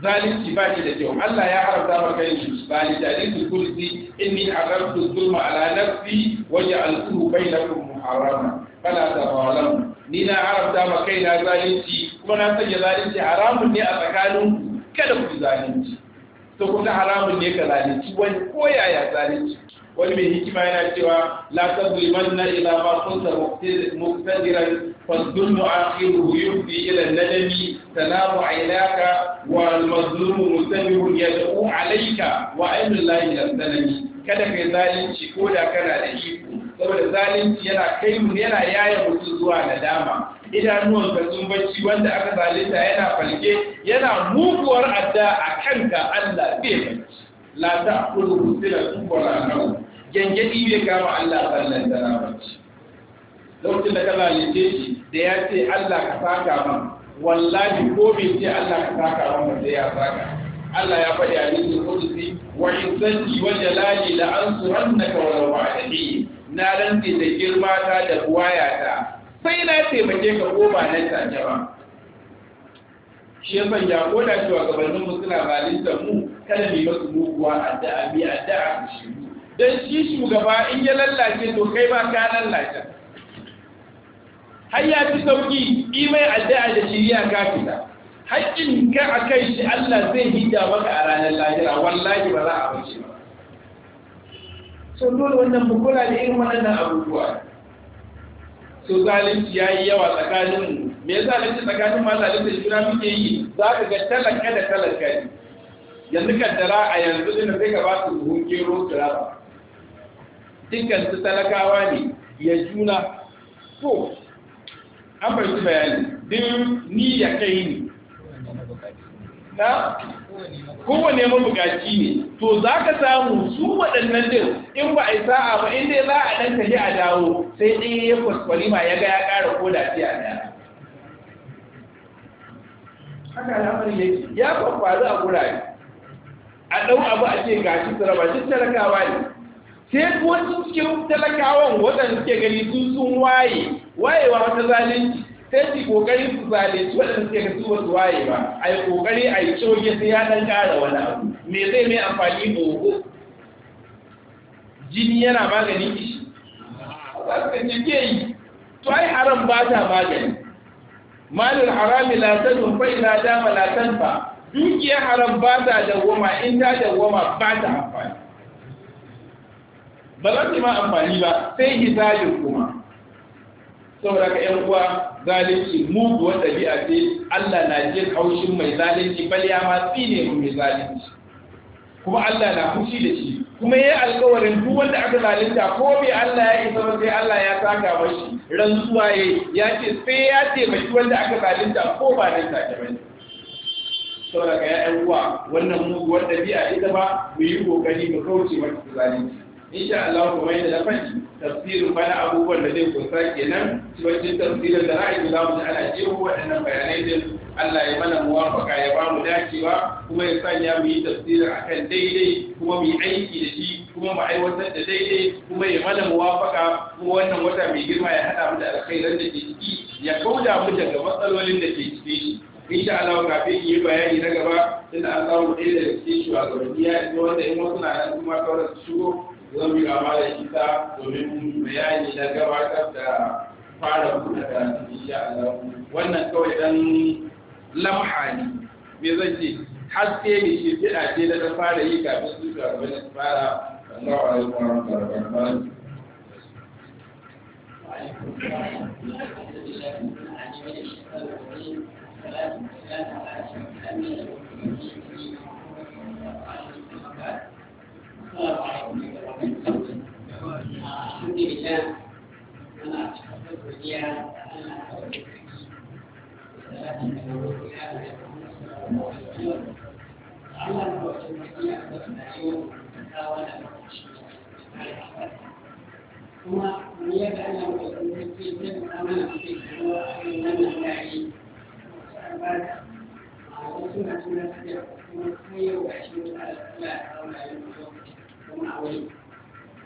zalunci ba shi da kyau Allah ya haramta ma kai shi ba ni da dinki kursi inni haramtu zulma ala nafsi wa ja'altuhu bainakum muharrama fala tazalamu ni na haramta maka kaina zalunci kuma na sanya zalunci haramun ne a tsakaninku kada ku zalunci ta kuma haramun ne ka zalunci wani ko yaya zalunci wani mai hikima yana cewa la na ila ma kunta muqtadiran fadhunnu akhiruhu yufdi ila nadami tanamu aynaka wal mazlumu mustamihun yad'u alayka wa aynu llahi yastanani kada kai zalunci ko da kana da iko saboda zalunci yana kai mu yana yaya mutum zuwa nadama idanuwanka sun bacci wanda aka zalunta yana falke yana muguwar adda a kanka Allah bai bacci la ta kullu husila wala nau gengedi bai kama Allah sallan da na bacci lokacin da ka zalunce shi da ya ce Allah ka saka man wallahi ko bai ce Allah ka saka man ba sai ya saka Allah ya faɗi a cikin kudusi wa sanji wa jalali la ansurannaka wa law na rantsi da girma ta da buwaya ta sai na taimake ka ko ba na tsaje ba shi ya fanya ko da cewa gabanin mu suna malinta mu kada mu masu muguwa addu'a mi addu'a ku shi dan shi shugaba in ya lallace to kai ba ka lallace har ya fi sauki imai addu'a da shiriya ka fita haƙƙin ka a kai shi Allah zai hidda maka a ranar lahira wallahi ba za a bace ba so dole wannan bukola da irin waɗannan abubuwa to zalunci ya yi yawa tsakaninmu me ya zalunci tsakanin ma zalunci juna muke yi za ka ga talaka da talaka ne yanzu kaddara a yanzu ɗin sai ka ba su buhun gero su dukkan su talakawa ne ya juna to an fahimci bayani din ni ya kai ni na kowane mabugaci ne to za ka samu su waɗannan din in ba a yi sa'a ba inda za a ɗan tafi a dawo sai ɗaya ya kwaskwari ma ya ga ya ƙara koda ce a da. haka al'amarin yake ya kwakwaru a gurare a ɗau abu a ce shi tsara ba shi talakawa ne sai ko cikin talakawan waɗanda suke gani sun sun waye wayewa wata zalunci sai su kokari su zalunci waɗanda suke ga suwa su waye ba a yi kokari a yi coge sai ya ɗan ƙara wani abu me zai mai amfani ogo jini yana magani kishi za su kan ke yi to ai haram ba ta magani malul harami la tadun fa ila dama la tanfa dukiyar haram ba ta dawwama in ta dawwama ba ta amfani ba za su ma amfani ba sai hisabin kuma saboda ka yan uwa zalunci muguwar ɗabi'a ce Allah na jin haushin mai zalunci bal ya ma tsine mu mai zalunci kuma Allah na fushi da shi kuma yayi alƙawarin duk wanda aka zalunta ko bai Allah ya isa ba sai Allah ya saka mashi rantsuwa ya ya ce sai ya taimaki wanda aka zalunta ko ba nan take ba saboda ga ya'yan uwa wannan muguwar ɗabi'a ita ba mu yi kokari mu kauce mata zalunci insha Allah kuma yadda na faɗi tafsirin bana abubuwan da zai kunsa kenan cikin tafsirin da ra'ayi za mu ji ana jeho waɗannan bayanai din Allah ya mana muwafaka ya ba mu dacewa kuma ya sanya mu yi tafsirin akan daidai kuma mu yi aiki da shi kuma mu aiwatar da daidai kuma ya mana muwafaka kuma wannan wata mai girma ya haɗa mu da alkhairan da ke ciki ya kauda mu daga matsalolin da ke ciki shi insha Allah kafin yi bayani na gaba tunda an samu ɗaya daga cikin shugabanni ya wanda in wasu na nan kuma sauran su shigo zan bi kama da isa domin bayani na gabatar da fara buɗe karatu insha Allah wannan kawai dan lamha ne me zan ce haske ne shi bid'a ce da ta fara yi kafin su ga wani fara Allah wa alaikum wa rahmatullahi Thank you. الحمد لله أنا أتحدث إياها أنا أتحدث إياها أنا أتحدث إياها أنا أتحدث إياها ثم نيابة أنه يكون في سن أمانة في الحلوة أن لم نعي وسأبات وسنة نفسها وخير وعشرين على الثلاث أو لا يمكن ومعولين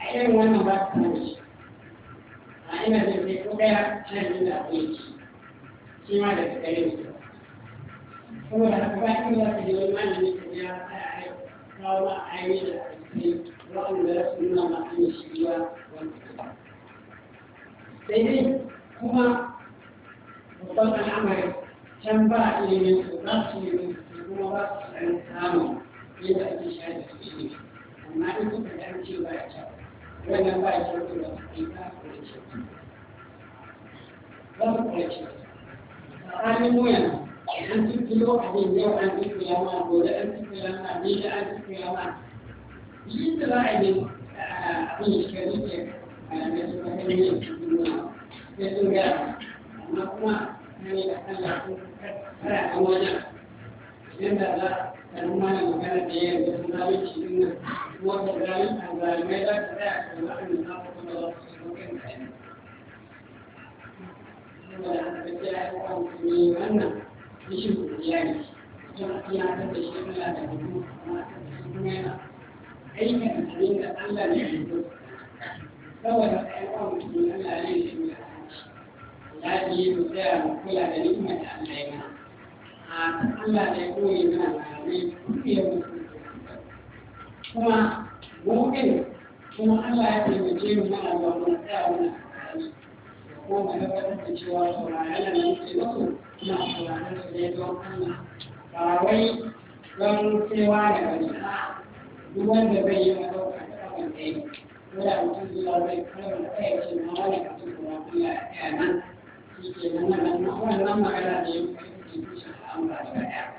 a irin wannan ba ta nan shi a ina da zai ko gaya da akwai shi shi ma da gare su kuma da haka ba in za ka je wani malami ka biya ta a yi kawo ma a yi da akwai wa'anda su nuna ma an shi ruwa wani sai dai kuma babban al'amari can ba ilimin su ba su ilimin su kuma ba su samun yadda ake shayar da su ilimi amma in kuka da ce ba ya cewa wannan ba shi da ina ne ba su kurce tsakanin wuyan an tuttulo abin yau an tuttuya ma gobe an tuttuya ma ni da an tuttuya ma yi da za a yi abin shekaru ke a yanzu ta yi tuttuwa sai sun gara amma kuma ne da kan sun kara a wajen yadda za kanin mana magana da yin da sun zama ci din nan wanda zalim a zalimai za su tsaya a kan wa'annan za su kuma za su shiga kan kayan saboda haka da ya yi kan su ne wannan rashin kuriya ne don iya kan da shi Allah da mutum amma kan da shi kuma yana aikin abin da Allah ne ke so saboda kai kan mutum Allah ne ke so ya ji mu tsaya mu kula da nikmar da Allah ya mana a Allah ne koyi mana ne dukiyar mutum kuma mu kuma Allah ya taimake mu na Allah mun tsaya muna ko ma tabbatar da cewa sauraron muke musu na sauraron Allah ba wai don cewa da ba duk wanda bai yi madauka ta kaban da yi wanda mutum zuwa zai kalmar da kai ce ma wani ka kuma ya tsaya nan shi ke nan wannan magana da ya fi tushen al'amura da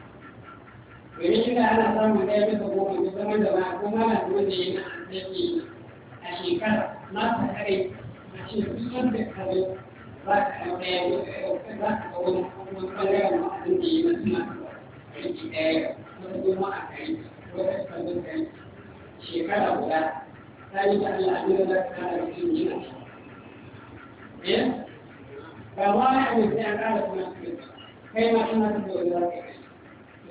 domin shi ana samun ɗaya bisa goma da zama da ba ko mana wanda ya na arziki a shekara na ta kare a ce duk wanda kare ba ka ga ɗaya ba ka ga wani kuma ɓangaren ma abin da ya na suna aiki ɗaya wata goma a kare wata kallon kare shekara guda ta yi da Allah abin da za ka kara da shi ne ba ma ya amince a kara kuma kai ma ina da wani za ka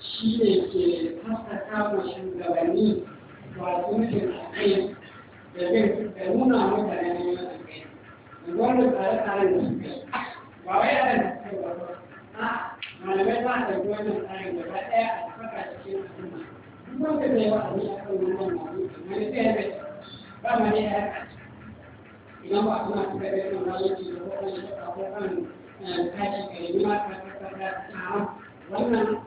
shi ne ke haskaka wa shugabanni wato mutum a kai da bin da nuna mutane ne masu kai da wanda tsare-tsaren da suka yi ba wai a da suka yi ba a malamai za a ɗauki wannan tsarin gaba ɗaya a saka cikin al'umma duk wanda zai yi wa'azi a kan wannan mabu kamar sai da ba ma ne ya idan ba kuma suka eh, yi wannan wani da waɗanda suka kan tashi kalima ta kasa ta wannan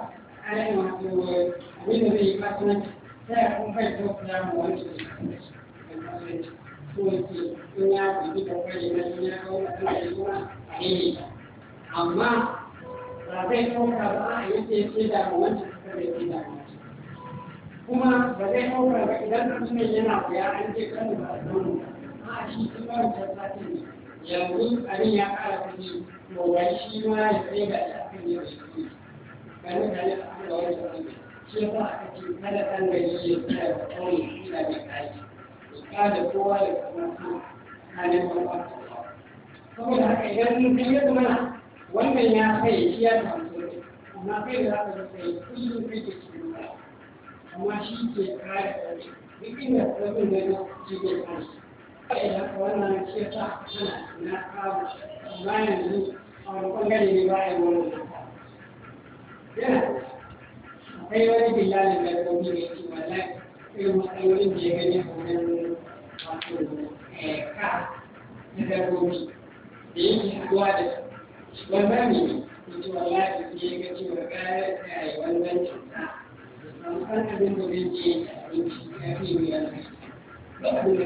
ainihin wato abin da zai yi ta wani a amma ba zai ɗauka ba a yi. ce da wancan suka zai ce da kuma ba zai ɗauka ba idan mutumin yana ya an je kanu ba a samu a shi sun ba wancan ne yanzu abin ya ƙara kuɗi to wai shi ma ya tsaye da shi shi ganin da ya fi da wani shi ya sa aka ce kada ɗan ya tsaya kawai ina da kaji ka da kowa da kamar su kanin wani saboda haka idan mun kai yadda mana wannan ya kai shi ya samu amma kai da za ka kai kullum kai ke cikin ka amma shi ke kare ɗari duk inda rabin da ya ci ke kansu kai da wannan shi ya sa ana na kawo bayan yanzu a wani ɓangare ne bayan wannan akwai wani bilalin da gobe ne shi wallahi da gani a wannan wato ka na dabbobi da yake da ba ne da ga yi wannan cuta abin da zai ya fi yi ba ne. Ya karya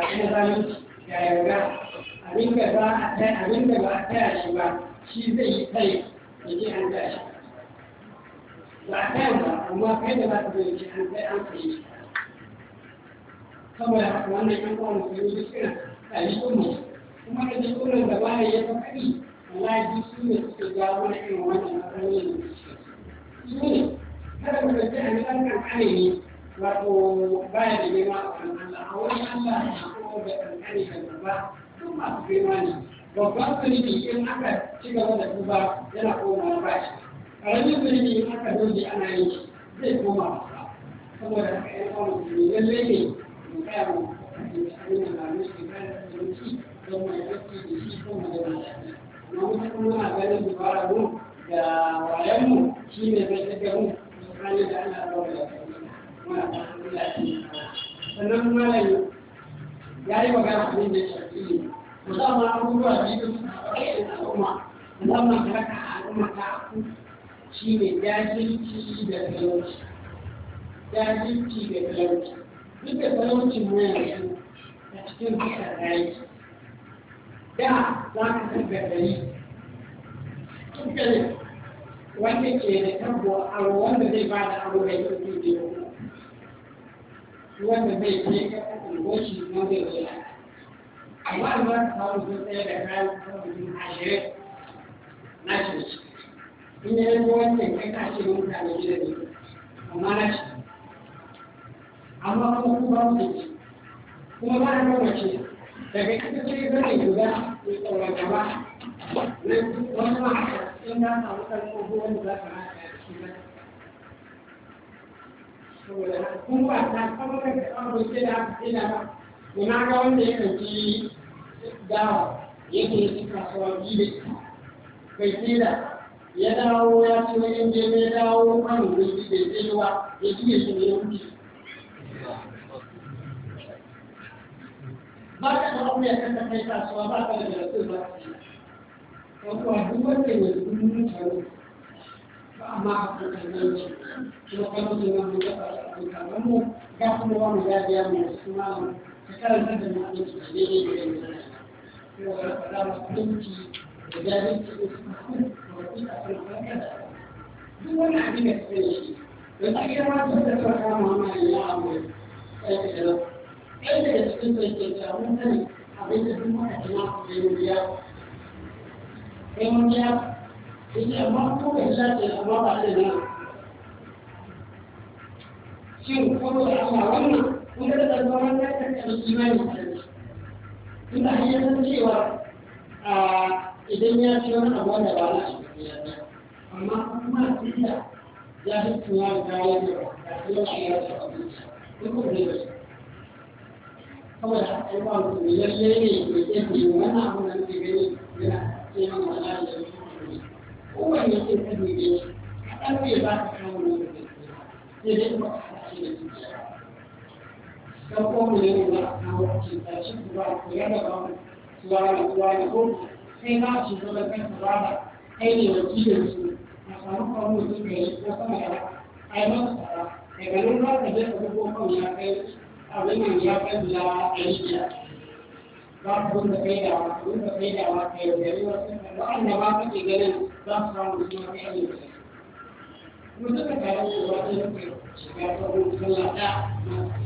kuma ya abin da ba a shi ba shi zai yi kai da ce an ba a ba amma kai da zai an an shi wannan yan suna kuma da da ba ya ta faɗi wallahi su ne suke jawo na irin wannan matsalolin da suke su ne kada mu a nan kan ne, wato baya da nema a wurin Allah a wani Allah kuma da ƙanƙani da gaba duk masu girma ne babban zunubi in aka ci gaba da duba yana koma bashi ƙaramin zunubi in aka doge ana yi zai koma wasa saboda haka ne mu kaya mu abin da ba shi kare da zunubi don mai da shi ko muna ganin dubara da wayan mu shi ne zai tafiya mu da ana da muna sannan malami ya yi magana da ne musamman abubuwa biyu al'umma musamman haka al'umma ta a cikin kasar da da wanda zai ba da da wanda zai ke ka kasar goshi zai amma da ba ta samu tsaye da kayan kan ashirin na ce in ya yi wancan kai ka ce mutane gida ne amma na ce amma kuma ku ba mu ce. kuma ba na ce, daga ita ce zai guda ya tsaura gaba na wani ma haka in na samu karfin ko wani za ka haka ya ce ba kuma ba ta kama da da ake da ba ina ga wanda ya dawa yake yi kasuwa biyu bai tsira ya dawo ya ci wajen jebe ya dawo kwanu bai bai tsirwa ya ci ya shi wuce ba ka da abu ya kanta kai kasuwa ba ka da rasul ba ko kuwa duk wanda ya zubi mun taro ba amma a kan kallon shi kuma kan mutum wanda ya fara a kan kallon mu ga kuma wani ya biya mu karanta da ma'anar su ne ne da yin zana cewa fara musulunci da jari da su su a kan kanta duk wani abin da suke yi da ta gina masu da farka muhammadu ya amur sai da yau sai da cikin da ke da mun sani abin da duk wani abin da ke yi biya sai mun biya sai amma ko bai shafe amma ba da nan shin kuma da amma wannan وكذا الأموال لا تحتاج الإيمان والسلام إما حقيقة cewa idan ya ce wani abu wanda ba na shi amma kuma tunda ya fi tuwa da kawo da ba shi ya ce abinci duk da ya ce kawai da aka yi ba mutum lalle ne mai ƙirƙi wani abu da nake gani yana ce man wala da ya fi kowane ya ce kan ne a ɗan bai ba ka kawo da ya ce sai dai ba kan ko mu da ba su ba da kuwa da ko na shi gaba su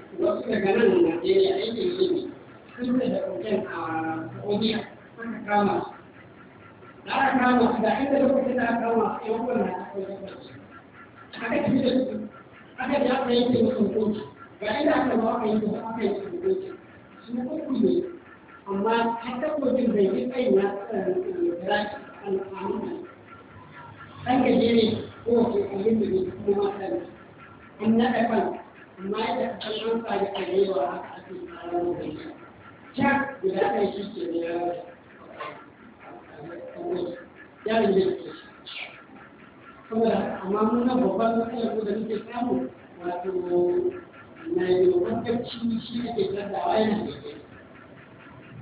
wasu daga nan Najeriya aikin yi ne sun da hoton a Saudiya aka kama su. Da aka kama su da inda lokacin da aka kama su yan wannan aka yi aka ci da su aka ji aka yi cikin hukunci ga inda aka zo aka yi su aka yi cikin hukunci su uku ne amma har takobin bai yi tsayi na tsarki al'amuna. Ɗan gajere ko ke kalli da ne kuma matan an naɗa kanta amma yadda ka san an fara karewa haka ake kawo da shi can guda ɗaya shi ke da ya ya yi da shi saboda amma mun nan babban matsalar da muke samu wato na yi mafarkaci shi ake tattawa yana da ke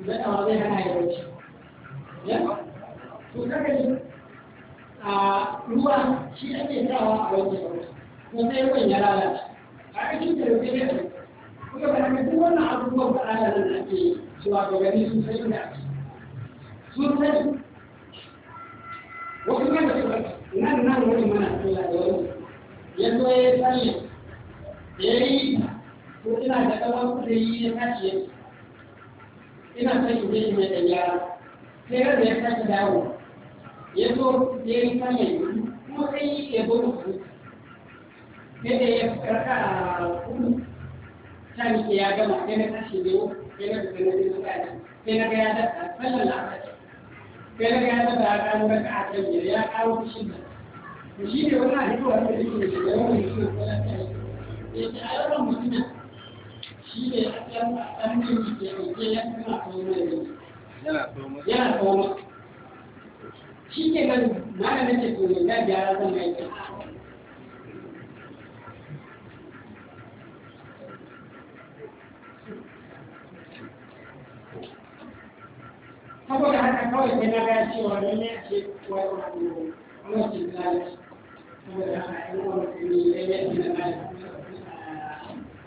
zaɗawa zai hana ya wuce to kaga ne a ruwa shi ake sawa a wajen ko sai ruwan ya lalace a cikin jirgin kuka fahimci duk wannan abubuwan da ana nan ake cewa ga gani sun sai da sun sai wasu kan da nan nan wani mana Allah da wani ya zo ya tsalle ya yi ko ina da kawai kuɗi yi ya tashi ina son in je mai da yara sai har da ya tashi dawo ya zo ya yi tsalle kuma sai ya bori kuɗi sai da ya karka kudu ta miƙe ya gama sai na tashi ne sai na fita na jin kaji sai na ga ya daɗa sallan lafiya sai na ga ya daɗa ya kawo raka a can biyar ya kawo shi da to shi ne wani haihuwa da yake da shiga wani ko ya ta ya ce a yawan mutumin shi ne a can a can jin jiki ya ɗauke ya kuma a kawo mai jiki yana kawo shi ke nan ma da nake to ya gyara zan mai kyau saboda haka kawai sai na gaya cewa don ne a ce kuwa ko hannu lokacin da ya saboda haka ɗan uwan musulmi ya yi da na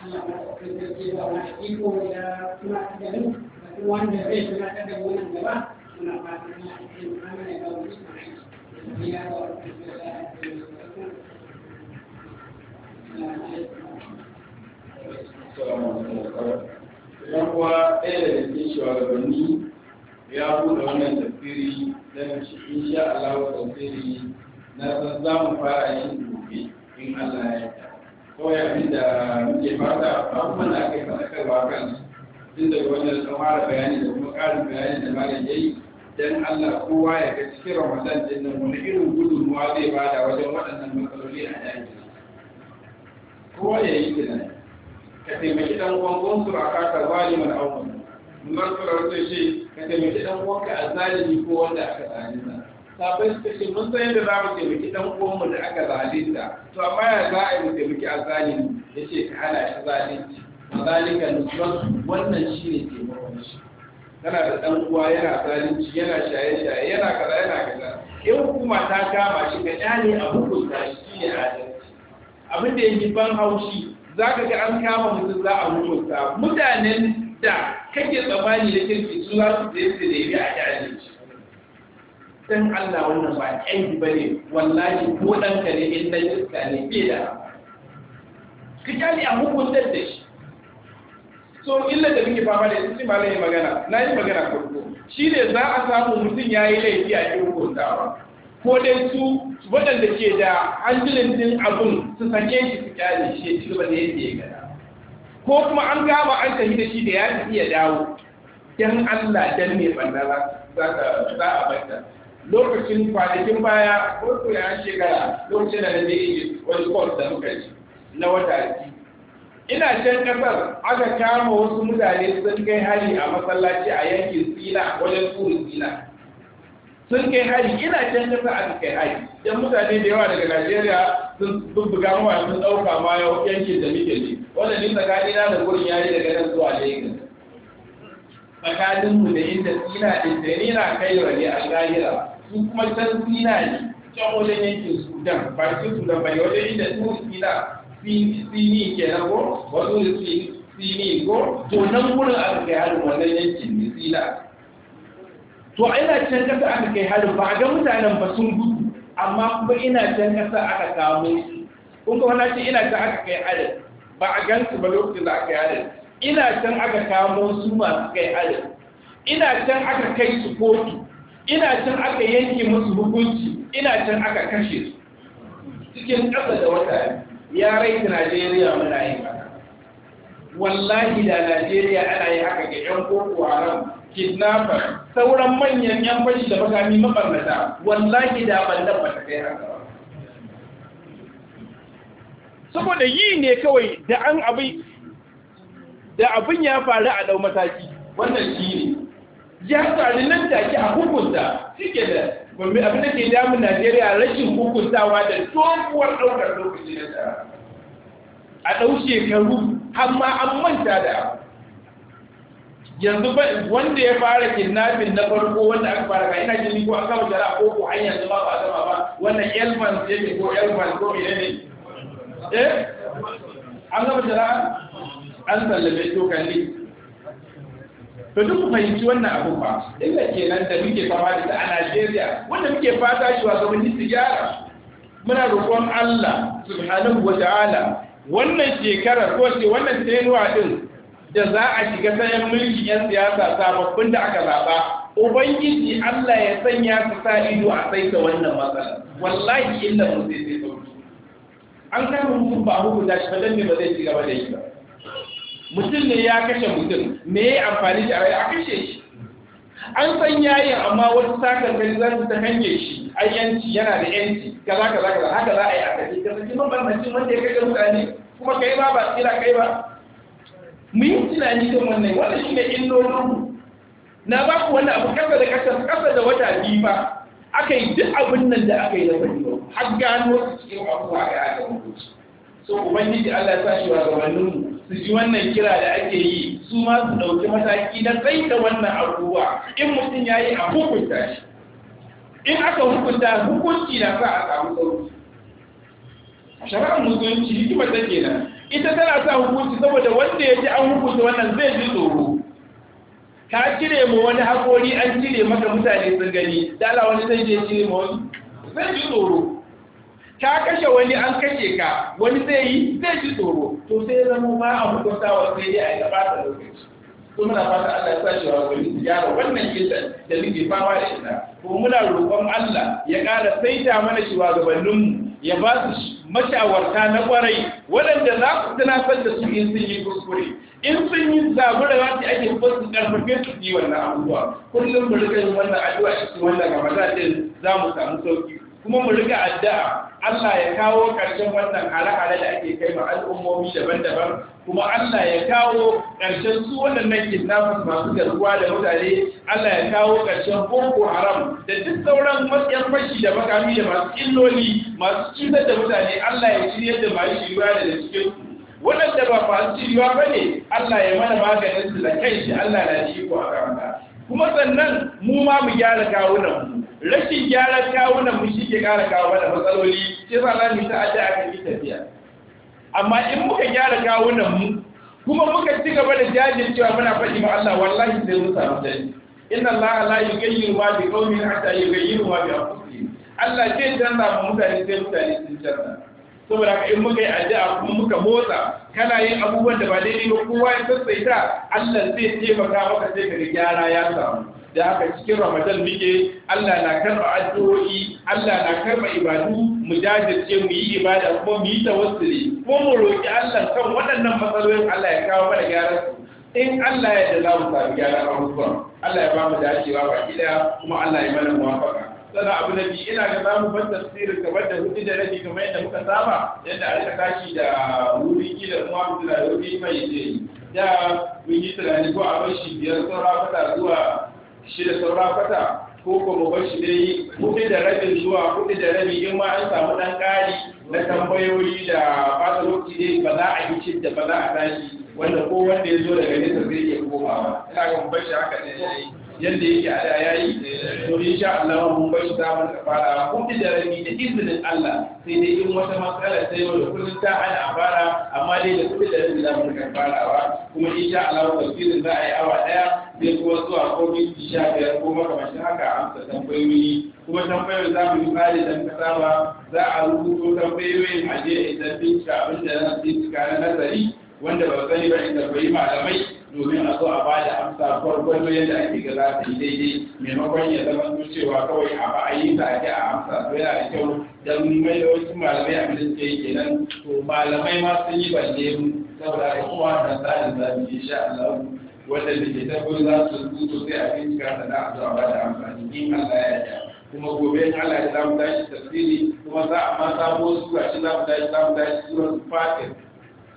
Allah ba ta kasance ba wani iko da kuma da nan wanda zai kuma ta da wannan gaba muna fatan Allah ya ce ba mana ga wani mai ya ga wani Assalamu alaikum. Yan uwa ɗaya daga cikin shugabanni ya buɗe wannan tafsiri don shi sha Allah wa tafsiri na san za mu fara yin gobe in Allah ya ta. Ko ya fi da muke fata abubuwan da aka yi faɗakarwa kan tun daga wannan tsamara bayani da kuma ƙarin bayani da malam ya yi don Allah kowa ya ga cikin Ramadan din nan wani irin gudunmuwa zai bada wajen waɗannan matsaloli a yankin kowa ya yi tunani ka taimaki ɗan uwan gonsu a kasa zalimin aukun marfarar ta ce ka taimaki dan uwanka a zalimi ko wanda aka zalunta sabai suka ce mun san yadda za mu taimaki dan uwanmu da aka zalunta to amma ya za a yi mu taimaki a zalimi ya ce ka hana shi zalunci a zalika nusran wannan shi ne taimakon shi kana da dan uwa yana zalunci yana shaye-shaye yana kaza yana kaza in hukuma ta kama shi ka kyale a hukunta shi ne adalci abin da yake ban haushi za ka ga an kama mutum za a hukunta mutanen da kake tsammani da kirki su za su je su nemi a jari dan Allah wannan ba ƙyanki ba ne wallahi ko ka ne in na iska ne fiye da ka kyale a hukun da shi so illa da muke fama da yanzu ba yi magana na yi magana farko shi ne za a samu mutum ya yi laifi a yi hukuntawa ko dai su waɗanda ke da hankalin din abun su sake shi su kyale shi ya ci gaba da yadda ya gada ko kuma an gama an tafi da shi da ya iya dawo dan Allah dan ne bandara za ka za a bata lokacin kwanakin baya ko ko ya shekara lokacin da na ne yi wani course da muka ci na wata ji ina can kasar aka kama wasu mutane sun kai hari a masallaci a yankin Sina wajen Turu Sina sun kai hari ina can kasa a kai hari dan mutane da yawa daga Najeriya sun buga mawa sun dauka ma yau yankin da muke ci wannan ni tsakanina da gurin yayi daga nan zuwa Lagos tsakanin mu da inda sina din da ni na kai wa ne a lahira su kuma can sina ne can wajen yankin Sudan ba su Sudan ba wajen inda su sina sini kenan ko wato su sini ko to nan gurin a kai hari wannan yankin ne sina to ina can kasa aka kai halin ba a ga mutanen ba sun gudu amma kuma ina can kasa aka kamo su kun ga wani ina can aka kai halin ba a gan su ba lokacin da aka yi halin ina can aka kamo su masu kai halin ina can aka kai su kotu ina can aka yanke musu hukunci ina can aka kashe su cikin ƙasa da wata ya raita Najeriya muna yin haka. Wallahi da Najeriya ana yi haka ga ‘yan koko ran kidnapper sauran manyan yan fashi da makami mabarnata wallahi da ballan ba ta kai haka saboda yi ne kawai da an abin da abin ya faru a dau mataki wannan shi ne ya faru nan take a hukunta cike da gombe abin da ke damun Najeriya rashin hukuntawa da tsohuwar daukar lokaci na a dau shekaru har ma an manta da abu yanzu wanda ya fara kidnapping na farko wanda aka fara ka ina jini ko aka wuce ko ko har yanzu ba ba zama ba wannan elman ce ne ko elman ko ne ne eh an gaba jara an sallame to kan ne to duk fahimci wannan abu ba illa kenan da muke fama da ta a Najeriya wanda muke fata shi wa gaban gyara muna roƙon Allah subhanahu wa ta'ala wannan shekarar ko ce wannan tenuwa din da za a shiga sayan mulki 'yan siyasa sababbin da aka zaɓa ubangiji Allah ya sanya su sa ido a saita wannan matsala wallahi illa mu sai sai sauki an kama mutum ba da shi ba dan me ba zai ci gaba da yi ba mutum ne ya kashe mutum me ya amfani da rai a kashe shi an san yayin amma wasu sakar gani za su ta hanyar shi a yanci yana da yanci kaza kaza kaza haka za a yi a kashe ka saki mabambacin wanda ya kashe mutane kuma kai ba ba tsira kai ba mu yi tunani da wannan wannan shi ne illolin na ba ku wanda abu kasa da kasa kasa da wata biyu ba aka yi duk abin nan da aka yi na ba, har gano su wa abubuwa ga aka mutu so ubangiji Allah ya sa shi wa mu su ji wannan kira da ake yi su ma su ɗauki mataki na da wannan abubuwa in mutum ya yi a hukunta shi in aka hukunta hukunci na sa a samu sauki shari'ar musulunci hikimar take nan ita tana sa hukunci saboda wanda ya ji an hukunci wannan zai ji tsoro ka cire mu wani haƙori an cire maka mutane sun gani dala wani zai je cire mu wani zai ji tsoro ka kashe wani an kashe ka wani zai yi zai ji tsoro to sai ya zama ma a hukunta wa sai ya a yi gaba da lokaci to muna fata Allah ya sa shi wa gari su gyara wannan kisan da muke fama da ita ko muna roƙon Allah ya ƙara saita mana shi wa gabaninmu ya ba su mashawarta na kwarai waɗanda za ku tunafar da su in sun yi kuskure in sun yi zabu da ake fasa karfafe su yi wannan abubuwa kullum mu rika yin wannan addu'a cikin wannan ramadan din za mu samu sauki kuma mu riga addu'a Allah ya kawo ƙarshen wannan hare hale da ake kai ma al'ummomi daban-daban kuma Allah ya kawo ƙarshen su waɗannan kidnappers masu garkuwa da mutane Allah ya kawo ƙarshen Boko Haram da duk sauran matsayin fashi da makami da masu illoli masu cutar da mutane Allah ya shirya da masu shirya da cikin waɗanda ba masu shirya ba ne Allah ya mana maganin su da kai shi Allah na ji ko a kuma sannan mu ma mu gyara kawunan mu rashin gyaran kawunan mu shi ke ƙara kawo da matsaloli ce za za mu a da a yi tafiya amma in muka gyara kawunan mu kuma muka ci gaba da jajircewa muna faɗi ma Allah wallahi sai mun samu dani inna Allah la yughayyiru ma bi qaumin hatta yughayyiru ma bi anfusihim Allah zai canza mu mutane sai mutane sun canza saboda haka in muka yi addu'a kuma muka motsa kana yin abubuwan da ba daidai ba kowa ya sassaita Allah zai taimaka maka sai ka gyara ya samu da aka cikin ramadan muke Allah na karba addu'o'i Allah na karba ibadu mu jajirce mu yi ibada kuma mu yi tawassuli kuma mu roki Allah kan waɗannan matsalolin Allah ya kawo mana gyaran su in Allah ya da za mu samu Allah ya ba mu dacewa ba gida kuma Allah ya mana muwafaka sannan abu na biyu ina ga za mu bar tafsirin kamar da hudu da rabi kamar yadda muka saba yadda aka tashi da wuri kila kuma mutum da wuri mai zai da mun yi tunani ko a bar shi biyar saura fata zuwa shi da saura kwata ko kuma bar shi dai kudi da rabin zuwa kudi da rabi in ma an samu ɗan kari na tambayoyi da fata lokaci dai ba za a yi cin da ba za a tashi wanda ko wanda ya zo daga nesa zai iya komawa ina ga mu shi haka ne yadda yake a da yi, to insha Allah mun bai shi damar da fara kun bi da rabi da izinin Allah sai dai in wata matsala ta yau da kullun ta hana a fara amma dai da kudi da rabi za mu kan farawa kuma insha Allah tafsirin za a yi awa daya sai kuma zuwa ko minti sha biyar ko maka makamancin haka amsa tambayoyi kuma tambayoyin za mu yi kare dan kasaba za a rubuto tambayoyin a je a tafi abin da na tsika na nazari wanda ba sani ba in tambayi malamai domin a zo a ba da amsa farko yadda ake ga za ta yi daidai maimakon ya zama su cewa kawai a ba a yi ta ake a amsa to yana da kyau don mai da wasu malamai a da ke yi kenan to malamai ma sun yi balle mu saboda a kowa da tsarin zamu insha Allah wanda da ke tabbin za su rubuto sai a cika sana a zuwa ba da amsa in Allah ya ja. kuma gobe in Allah ya mu tashi tafsiri kuma za a ma samu wasu gashi za mu tashi za mu tashi su fatin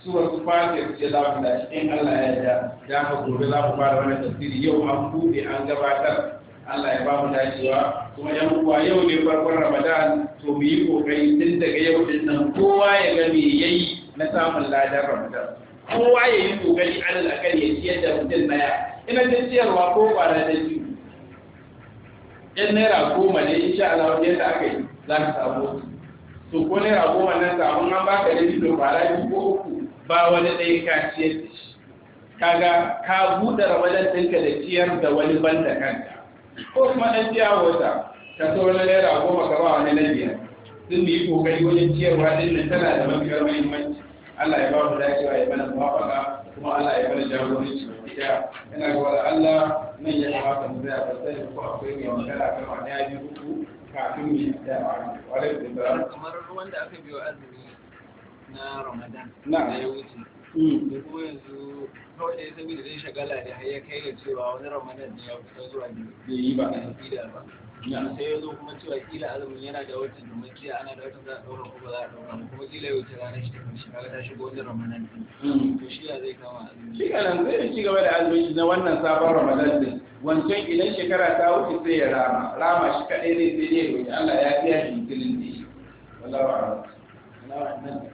suwar su fara ya za ku dace in Allah ya ja da ka gobe za ku fara wani tafsiri yau an bude an gabatar Allah ya ba mu dacewa kuma yan uwa yau ne farkon Ramadan to mu yi kokari tun daga yau din nan kowa ya ga me yayi na samun ladan Ramadan kowa ya yi kokari alal akali ya ciyar da mutum daya ina ta ciyarwa ko kwana da biyu In naira goma ne insha Allah wanda da aka yi za ka samu su ko naira goma nan samun an baka da biyu da kwana biyu ko ba wani ɗaya ka ciyar da shi kaga ka buɗe ramadan ɗinka da ciyar da wani ban da kanta ko kuma ɗan ciya wata ka so na naira goma ka ba wani na biyar sun yi kokari wajen ciyarwa ɗin nan tana da mafiyar muhimmanci Allah ya ba mu dacewa ya mana mafaka kuma Allah ya mana jagoranci ita yana ga wala Allah nan ya kamata mu zaya fasai ko akwai mai magana kan wani ya biyu kafin mu yi da wani wani da kamar ruwan da aka biyo azumi na ramadan da ya wuce da mm. kuma yanzu kawai dai saboda zai shagala da har ya kai da cewa wani ramadan da ya kusa zuwa biyu bai yi ba a ba sai ya zo kuma cewa kila azumin yana da wata domin ana da wata za a ɗaura ko ba za a ɗaura kuma kila yau ta ranar shi shekara ta shigo wani ramadan din mm. to shi ya zai kama azumi shi kanan zai ci gaba da azumi na wannan sabon ramadan din wancan idan shekara ta wuce sai ya rama rama shi kaɗai ne sai ne Allah ya biya shi mutumin da shi wallahu a'lam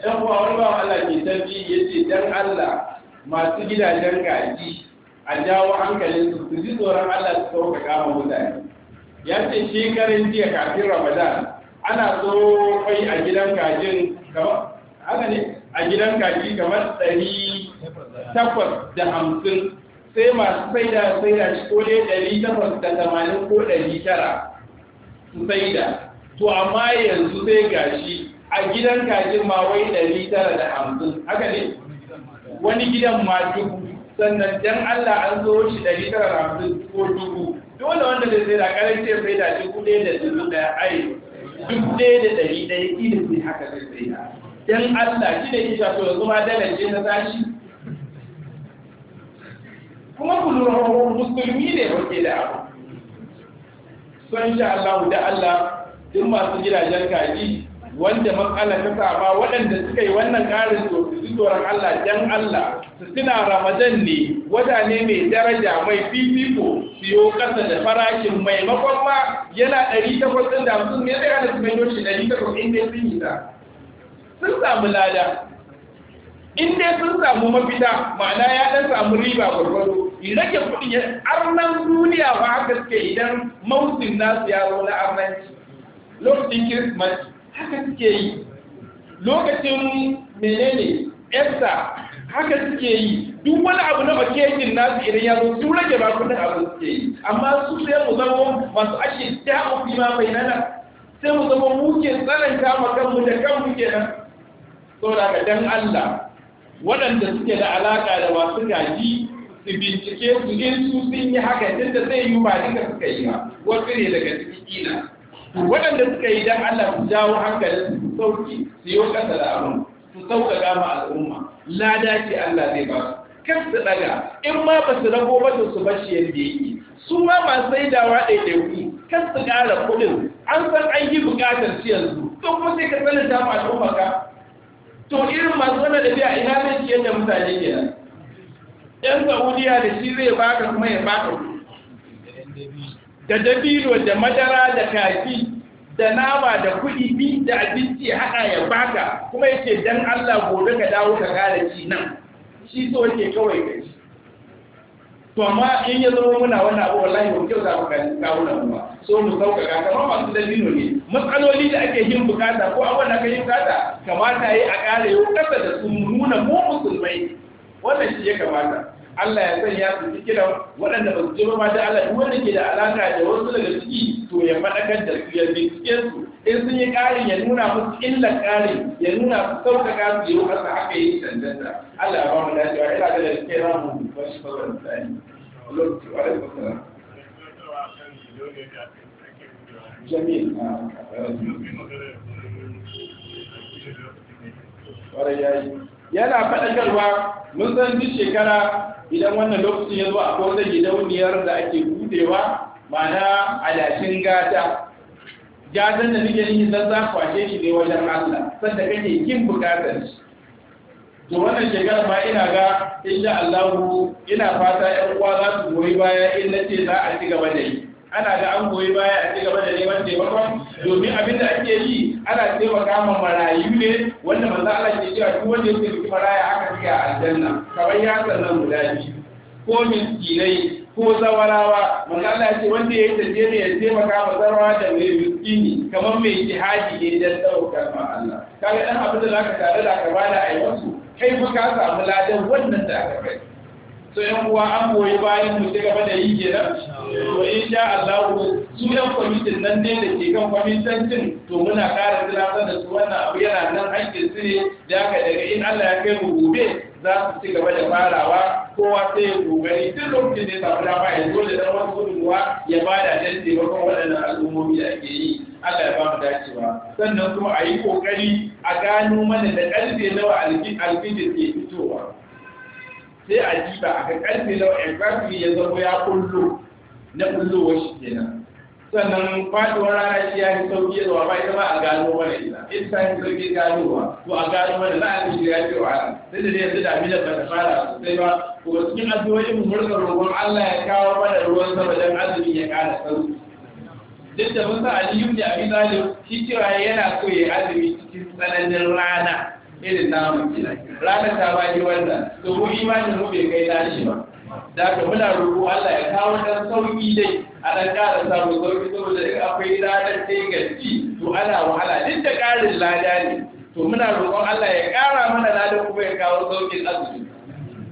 dan kuma wani ba Allah ke tafi yace dan Allah masu gidajen gaji a jawo hankalin su su ji tsoron Allah su kawo ka kama mutane ya ce shekarun jiya kafin Ramadan ana so kai a gidan kajin kamar haka ne a gidan kaji kamar ɗari takwas da hamsin sai masu saida saida shi ko dai ɗari takwas da tamanin ko ɗari tara su saida to amma yanzu sai gashi a gidan kajin ma wai ɗari tara da hamsin haka ne wani gidan ma dubu sannan dan Allah an zo shi ɗari tara da hamsin ko dubu dole wanda zai zai da karancin sai da dubu ɗaya da dubu ɗaya ai dubu ɗaya da ɗari ɗaya irin ne haka zai zai da dan Allah shi ne ke to yanzu ma dalar na tashi kuma ku lura musulmi ne wake da abu sun sha Allah da Allah duk masu gidajen kaji wanda matsala ta sama waɗanda suka yi wannan ƙarin to su tsoron Allah dan Allah su suna Ramadan ne wata ne mai daraja mai fifiko siyo ƙasa da farashin maimakon ma yana ɗari takwas da hamsin ne zai hana su mai yoshi ɗari takwas sun yi ta sun samu lada in dai sun samu mafita ma'ana ya ɗan samu riba gwargwado rage kuɗi ya arnan duniya ba haka suke idan mausin nasu ya zo na arnanci lokacin Kirismas. haka suke yi lokacin menene esta haka suke yi duk wani abu na makekin nasu idan ya zo su rage ba kudin abu suke yi amma su sai mu zama masu ake ta ofi ma mai nana sai mu zama muke tsananta ma kanmu da kanmu kenan saboda dan Allah waɗanda suke da alaƙa da masu gaji su bincike su in su sun yi haka tunda zai yi ba duka suka yi ba wasu ne daga ciki ina waɗanda suka yi don Allah su jawo hankalin su sauki su yi kasa da abin su sauka gama al'umma lada ce Allah zai ba su Kan su ɗaga in ma ba su rago ba su su bashi yadda yake su ma masu saidawa ɗaiɗaiku kan su ƙara kuɗin an san an yi buƙatar ci yanzu to kuma sai ka ta ma al'umma ka to irin masu sana da biya ina zai ci da mutane ke nan yan saudiya da shi zai baka kuma ya baka da dabino da madara da kafi da nama da kuɗi bi da abinci haɗa ya baka kuma yake dan Allah gobe ka dawo ka ƙara ci nan shi so ke kawai ka ci to amma in ya zama muna wannan abu wallahi mun kyau za mu kawo nan so mu sauƙaƙa kamar masu dalilo ne matsaloli da ake yin bukata ko abin da aka yi bukata kamata yi a ƙara yau ƙasa da su nuna mu musulmai wannan shi ya kamata Allah ya sanya su cikin waɗanda ba su je ba ma da Allah wanda ke da alaka da wasu daga ciki to ya faɗakar da su ya bincike su in sun yi ƙarin ya nuna musu illar ƙarin ya nuna su sauƙaƙa su yi masa haka yi canjanta Allah ya ba mu dacewa da da suke ramu ba shi ba tsari lokacin wa a ƙwarai ya yi yana faɗakarwa mun san duk shekara idan wannan lokacin ya zo a wata gidauniyar da ake budewa ma'ana alashin gata gatan da nake yi zan za ashe shi ne wajen Allah sanda kake kin bukatar shi to wannan shekara ma ina ga insha Allah ina fata ƴan uwa za su goyi baya in nace za a ci gaba da yi ana da an goyi baya a ci gaba da neman taimakon domin abin da ake yi ana taimaka ma marayu ne wanda manzo Allah ke cewa duk wanda yake cikin maraya aka ci a aljanna kamar ya sannan guda biyu ko miskinai ko zawarawa manzo Allah ce wanda ya taje ne ya taimaka ma zawarawa da mai miskini kamar mai jihadi ne don daukar ma Allah kaga dan abin da zaka tare da ka bada ai wasu kai fa ka samu ladan wannan da aka kai so yan uwa an goyi bayan mu ci gaba da yi kenan to in sha Allah su yan kwamitin nan ne da ke kan kwamitancin to muna ƙara tunatar da su wannan abu yana nan hakkin su ne da aka daga in Allah ya kai mu gobe za su ci gaba da farawa kowa sai ya kokari duk lokacin da ya samu dama ya zo da dan wasu gudunmuwa ya bada dan taimakon waɗannan al'ummomi da ake yi Allah ya ba mu dacewa sannan kuma a yi kokari a gano mana da ƙarfe nawa alfijir ke fitowa sai a jiba a ga ƙarfe nawa exactly ya zama ya kullu na kullowar shi kenan sannan faduwar rana shi ya fi sauki wa ba ita ba a gano mana ita ita ta sauƙi gano ganowa to a gano mana na abin shi ya fi wahala sai da yanzu da abin da ba ta fara sosai ba kuma cikin addu'o'in mu murka roƙon Allah ya kawo mana ruwan sama dan azumin ya ƙara sauƙi duk da mun sa Aliyu da Abi Talib shi cewa yana so ya azumi cikin tsananin rana irin namu kenan rana ta ba wannan to mu imanin mu bai kai tashi ba da ka muna roƙo Allah ya kawo dan sauki dai a dan ƙara samun sauki saboda akwai ranar sai ga ci to ana wahala duk da ƙarin lada ne to muna roƙon Allah ya ƙara mana lada kuma ya kawo sauƙin azumi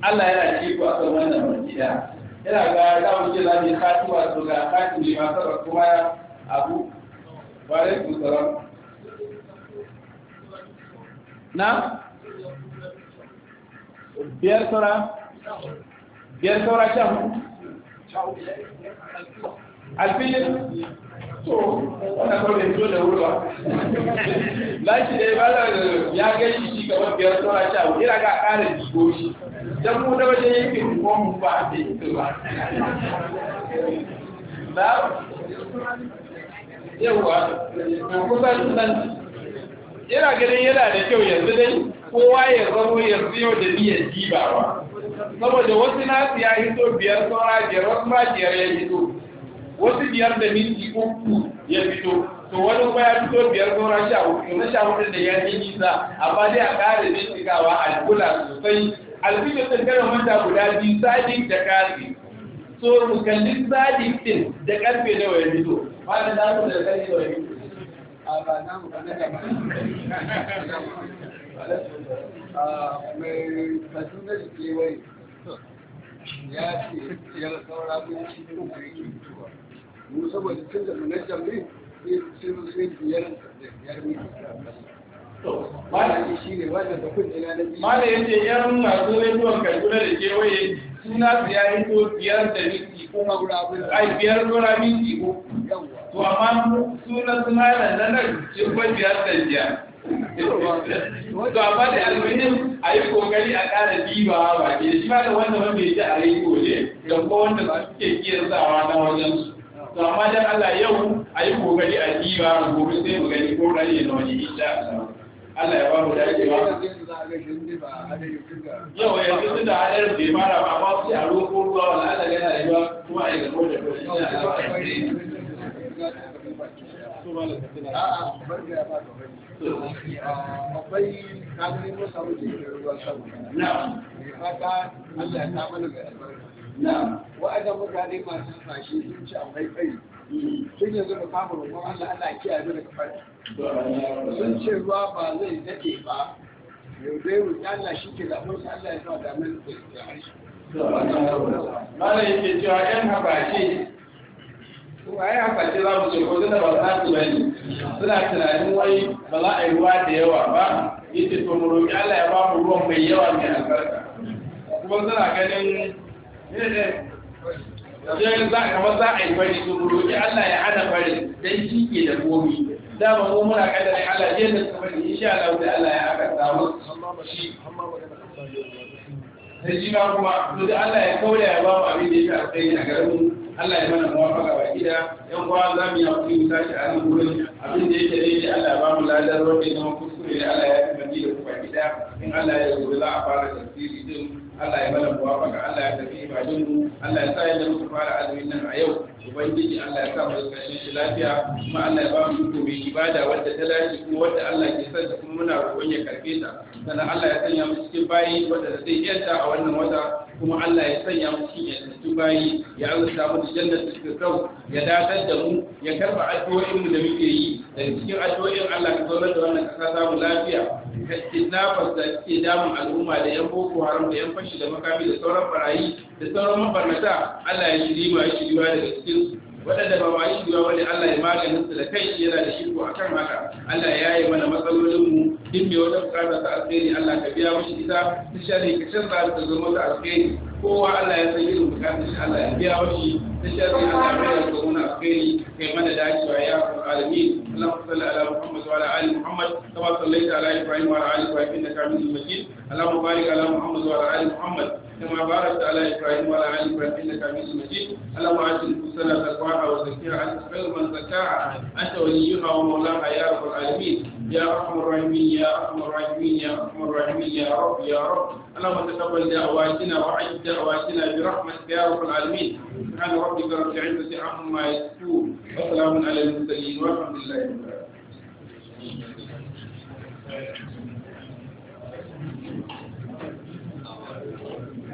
Allah yana ci ku a kan wannan masjida yana ga za mu ce za mu yi to ga khatimi ma masu kuma abu wa alaikum salam na biyar sura biyar saura sha alfilin to wanda kawai da ya gani shi saura yana ga don mu da wajen yankin kuma mu ba a ce ito yawa yana ganin yana da kyau yanzu dai kowa ya zama yanzu yau da biyan jibawa saboda wasu nasu ya hito biyar saura biyar wasu ma biyar ya hito wasu biyar da minti uku ya fito to wani kuma ya fito biyar saura sha uku na sha hudu da ya yi nisa amma dai a ƙara shigawa a kula sosai alfijir sun gana manta guda biyu sadi da ƙarfi so mu sadi din da karfe nawa ya fito ba da namu da ƙarfe nawa ya fito ba ba mai kaduna da kewaye ya ce yar saura minti uku da yake fitowa mu saboda tun da manajan ne sai mu sai biyar da biyar minti shi ne wanda da kun ina na biyu. Malami ya ce yan masu rediyon kaduna da kewaye suna su ya hito biyar da minti ko ai biyar saura minti ko. To amma suna suna nan nan ce ko biyar da to amma da almuhim a yi kokari a ƙara diba ba ke shi ba da wanda ba mai ji a rai gobe da kuma wanda ba suke kiyarsawa na wajen su to amma dan Allah yau a yi kokari a diba gobe sai mu gani ko rani na wani insha Allah ya ba mu ba. yau ya fi tunda hadar bai mara ba ba su a ko ruwa wala Allah yana da yawa kuma a yi gaba da kuma insha Allah. A'a, da yi. da akwai kamar ko samu jirgin ruwa sama na haka Allah ya mana mai albarka na wa'adan mutane masu fashi sun ci akwai kai sun yanzu da kama roƙon Allah Allah kiyaye mu daga fari sun ce ruwa ba zai dade ba yau dai wuce Allah shi ke zaɓar su Allah ya sa damar da ya harshe. Mala yake cewa ‘yan habashe ai amfani za mu ce ko tunda ba za su bane suna tunanin wai ba za a yi ruwa da yawa ba yace to mu roki Allah ya ba mu ruwan mai yawa mai albarka kuma suna ganin ne ne sai za kamar za a yi fari to mu roki Allah ya hana fari dan shi ke da komi ba mu muna kada kadari Allah je da kuma insha Allah da Allah ya haka samu shi sai shi ma kuma to da Allah ya kaura ya ba mu abin da yake a kai a garin Allah ya mana mawafaka ba gida yan kwa za mu yi hakuri tashi a nan gurin abin da yake da Allah ba mu ladar rabbi na kuskure Allah ya yi mani da kuma gida in Allah ya yi za a fara tasiri din Allah ya mana mawafaka Allah ya tafi ibadun Allah ya sa yadda muka fara azumin nan a yau ubangiji Allah ya sa mu karshen shi lafiya kuma Allah ya ba mu iko mai ibada wanda ta dace kuma wanda Allah ke son kuma muna roƙon ya karfe ta sannan Allah ya sanya mu cikin bayi wadda zai iya yanta a wannan wata kuma Allah ya sanya mu cikin yantattu bayi ya azurta mu da da jannatul sau ya dakatar da mu ya karba addu'o'in mu da muke yi daga cikin addu'o'in Allah ka zaunar da wannan kasa samu lafiya ka tilafar da ke damun al'umma da yan boko haram da yan fashi da makami da sauran barayi da sauran mabarnata Allah ya shiri ma ya shiri ma daga cikin waɗanda ba ma yi shiri wani Allah ya maganin su da kai shi yana da shirko a kan haka Allah ya yi mana matsalolinmu duk mai wata bukatar ta alkhairi Allah ka biya mashi ita ta shari ka canza ta zama ta alkhairi kowa Allah ya san irin bukatar shi Allah ya biya mashi ta shari Allah ya biya ta zama alkhairi kai mana dacewa ya rabbal alamin اللهم صل على محمد وعلى ال محمد كما صليت على ابراهيم وعلى ال ابراهيم انك حميد مجيد اللهم بارك على محمد وعلى ال محمد كما باركت على إبراهيم وعلى آل إبراهيم إنك حميد مجيد اللهم أعز نفوسنا تقواها وزكيها أنت خير من زكاها أنت وليها ومولاها يا رب العالمين يا أرحم الراحمين يا أرحم الراحمين يا أرحم الراحمين يا رب يا رب اللهم تقبل دعواتنا وعد دعواتنا برحمتك يا رب العالمين سبحان ربك رب العزة عما يصفون وسلام على المرسلين والحمد لله رب العالمين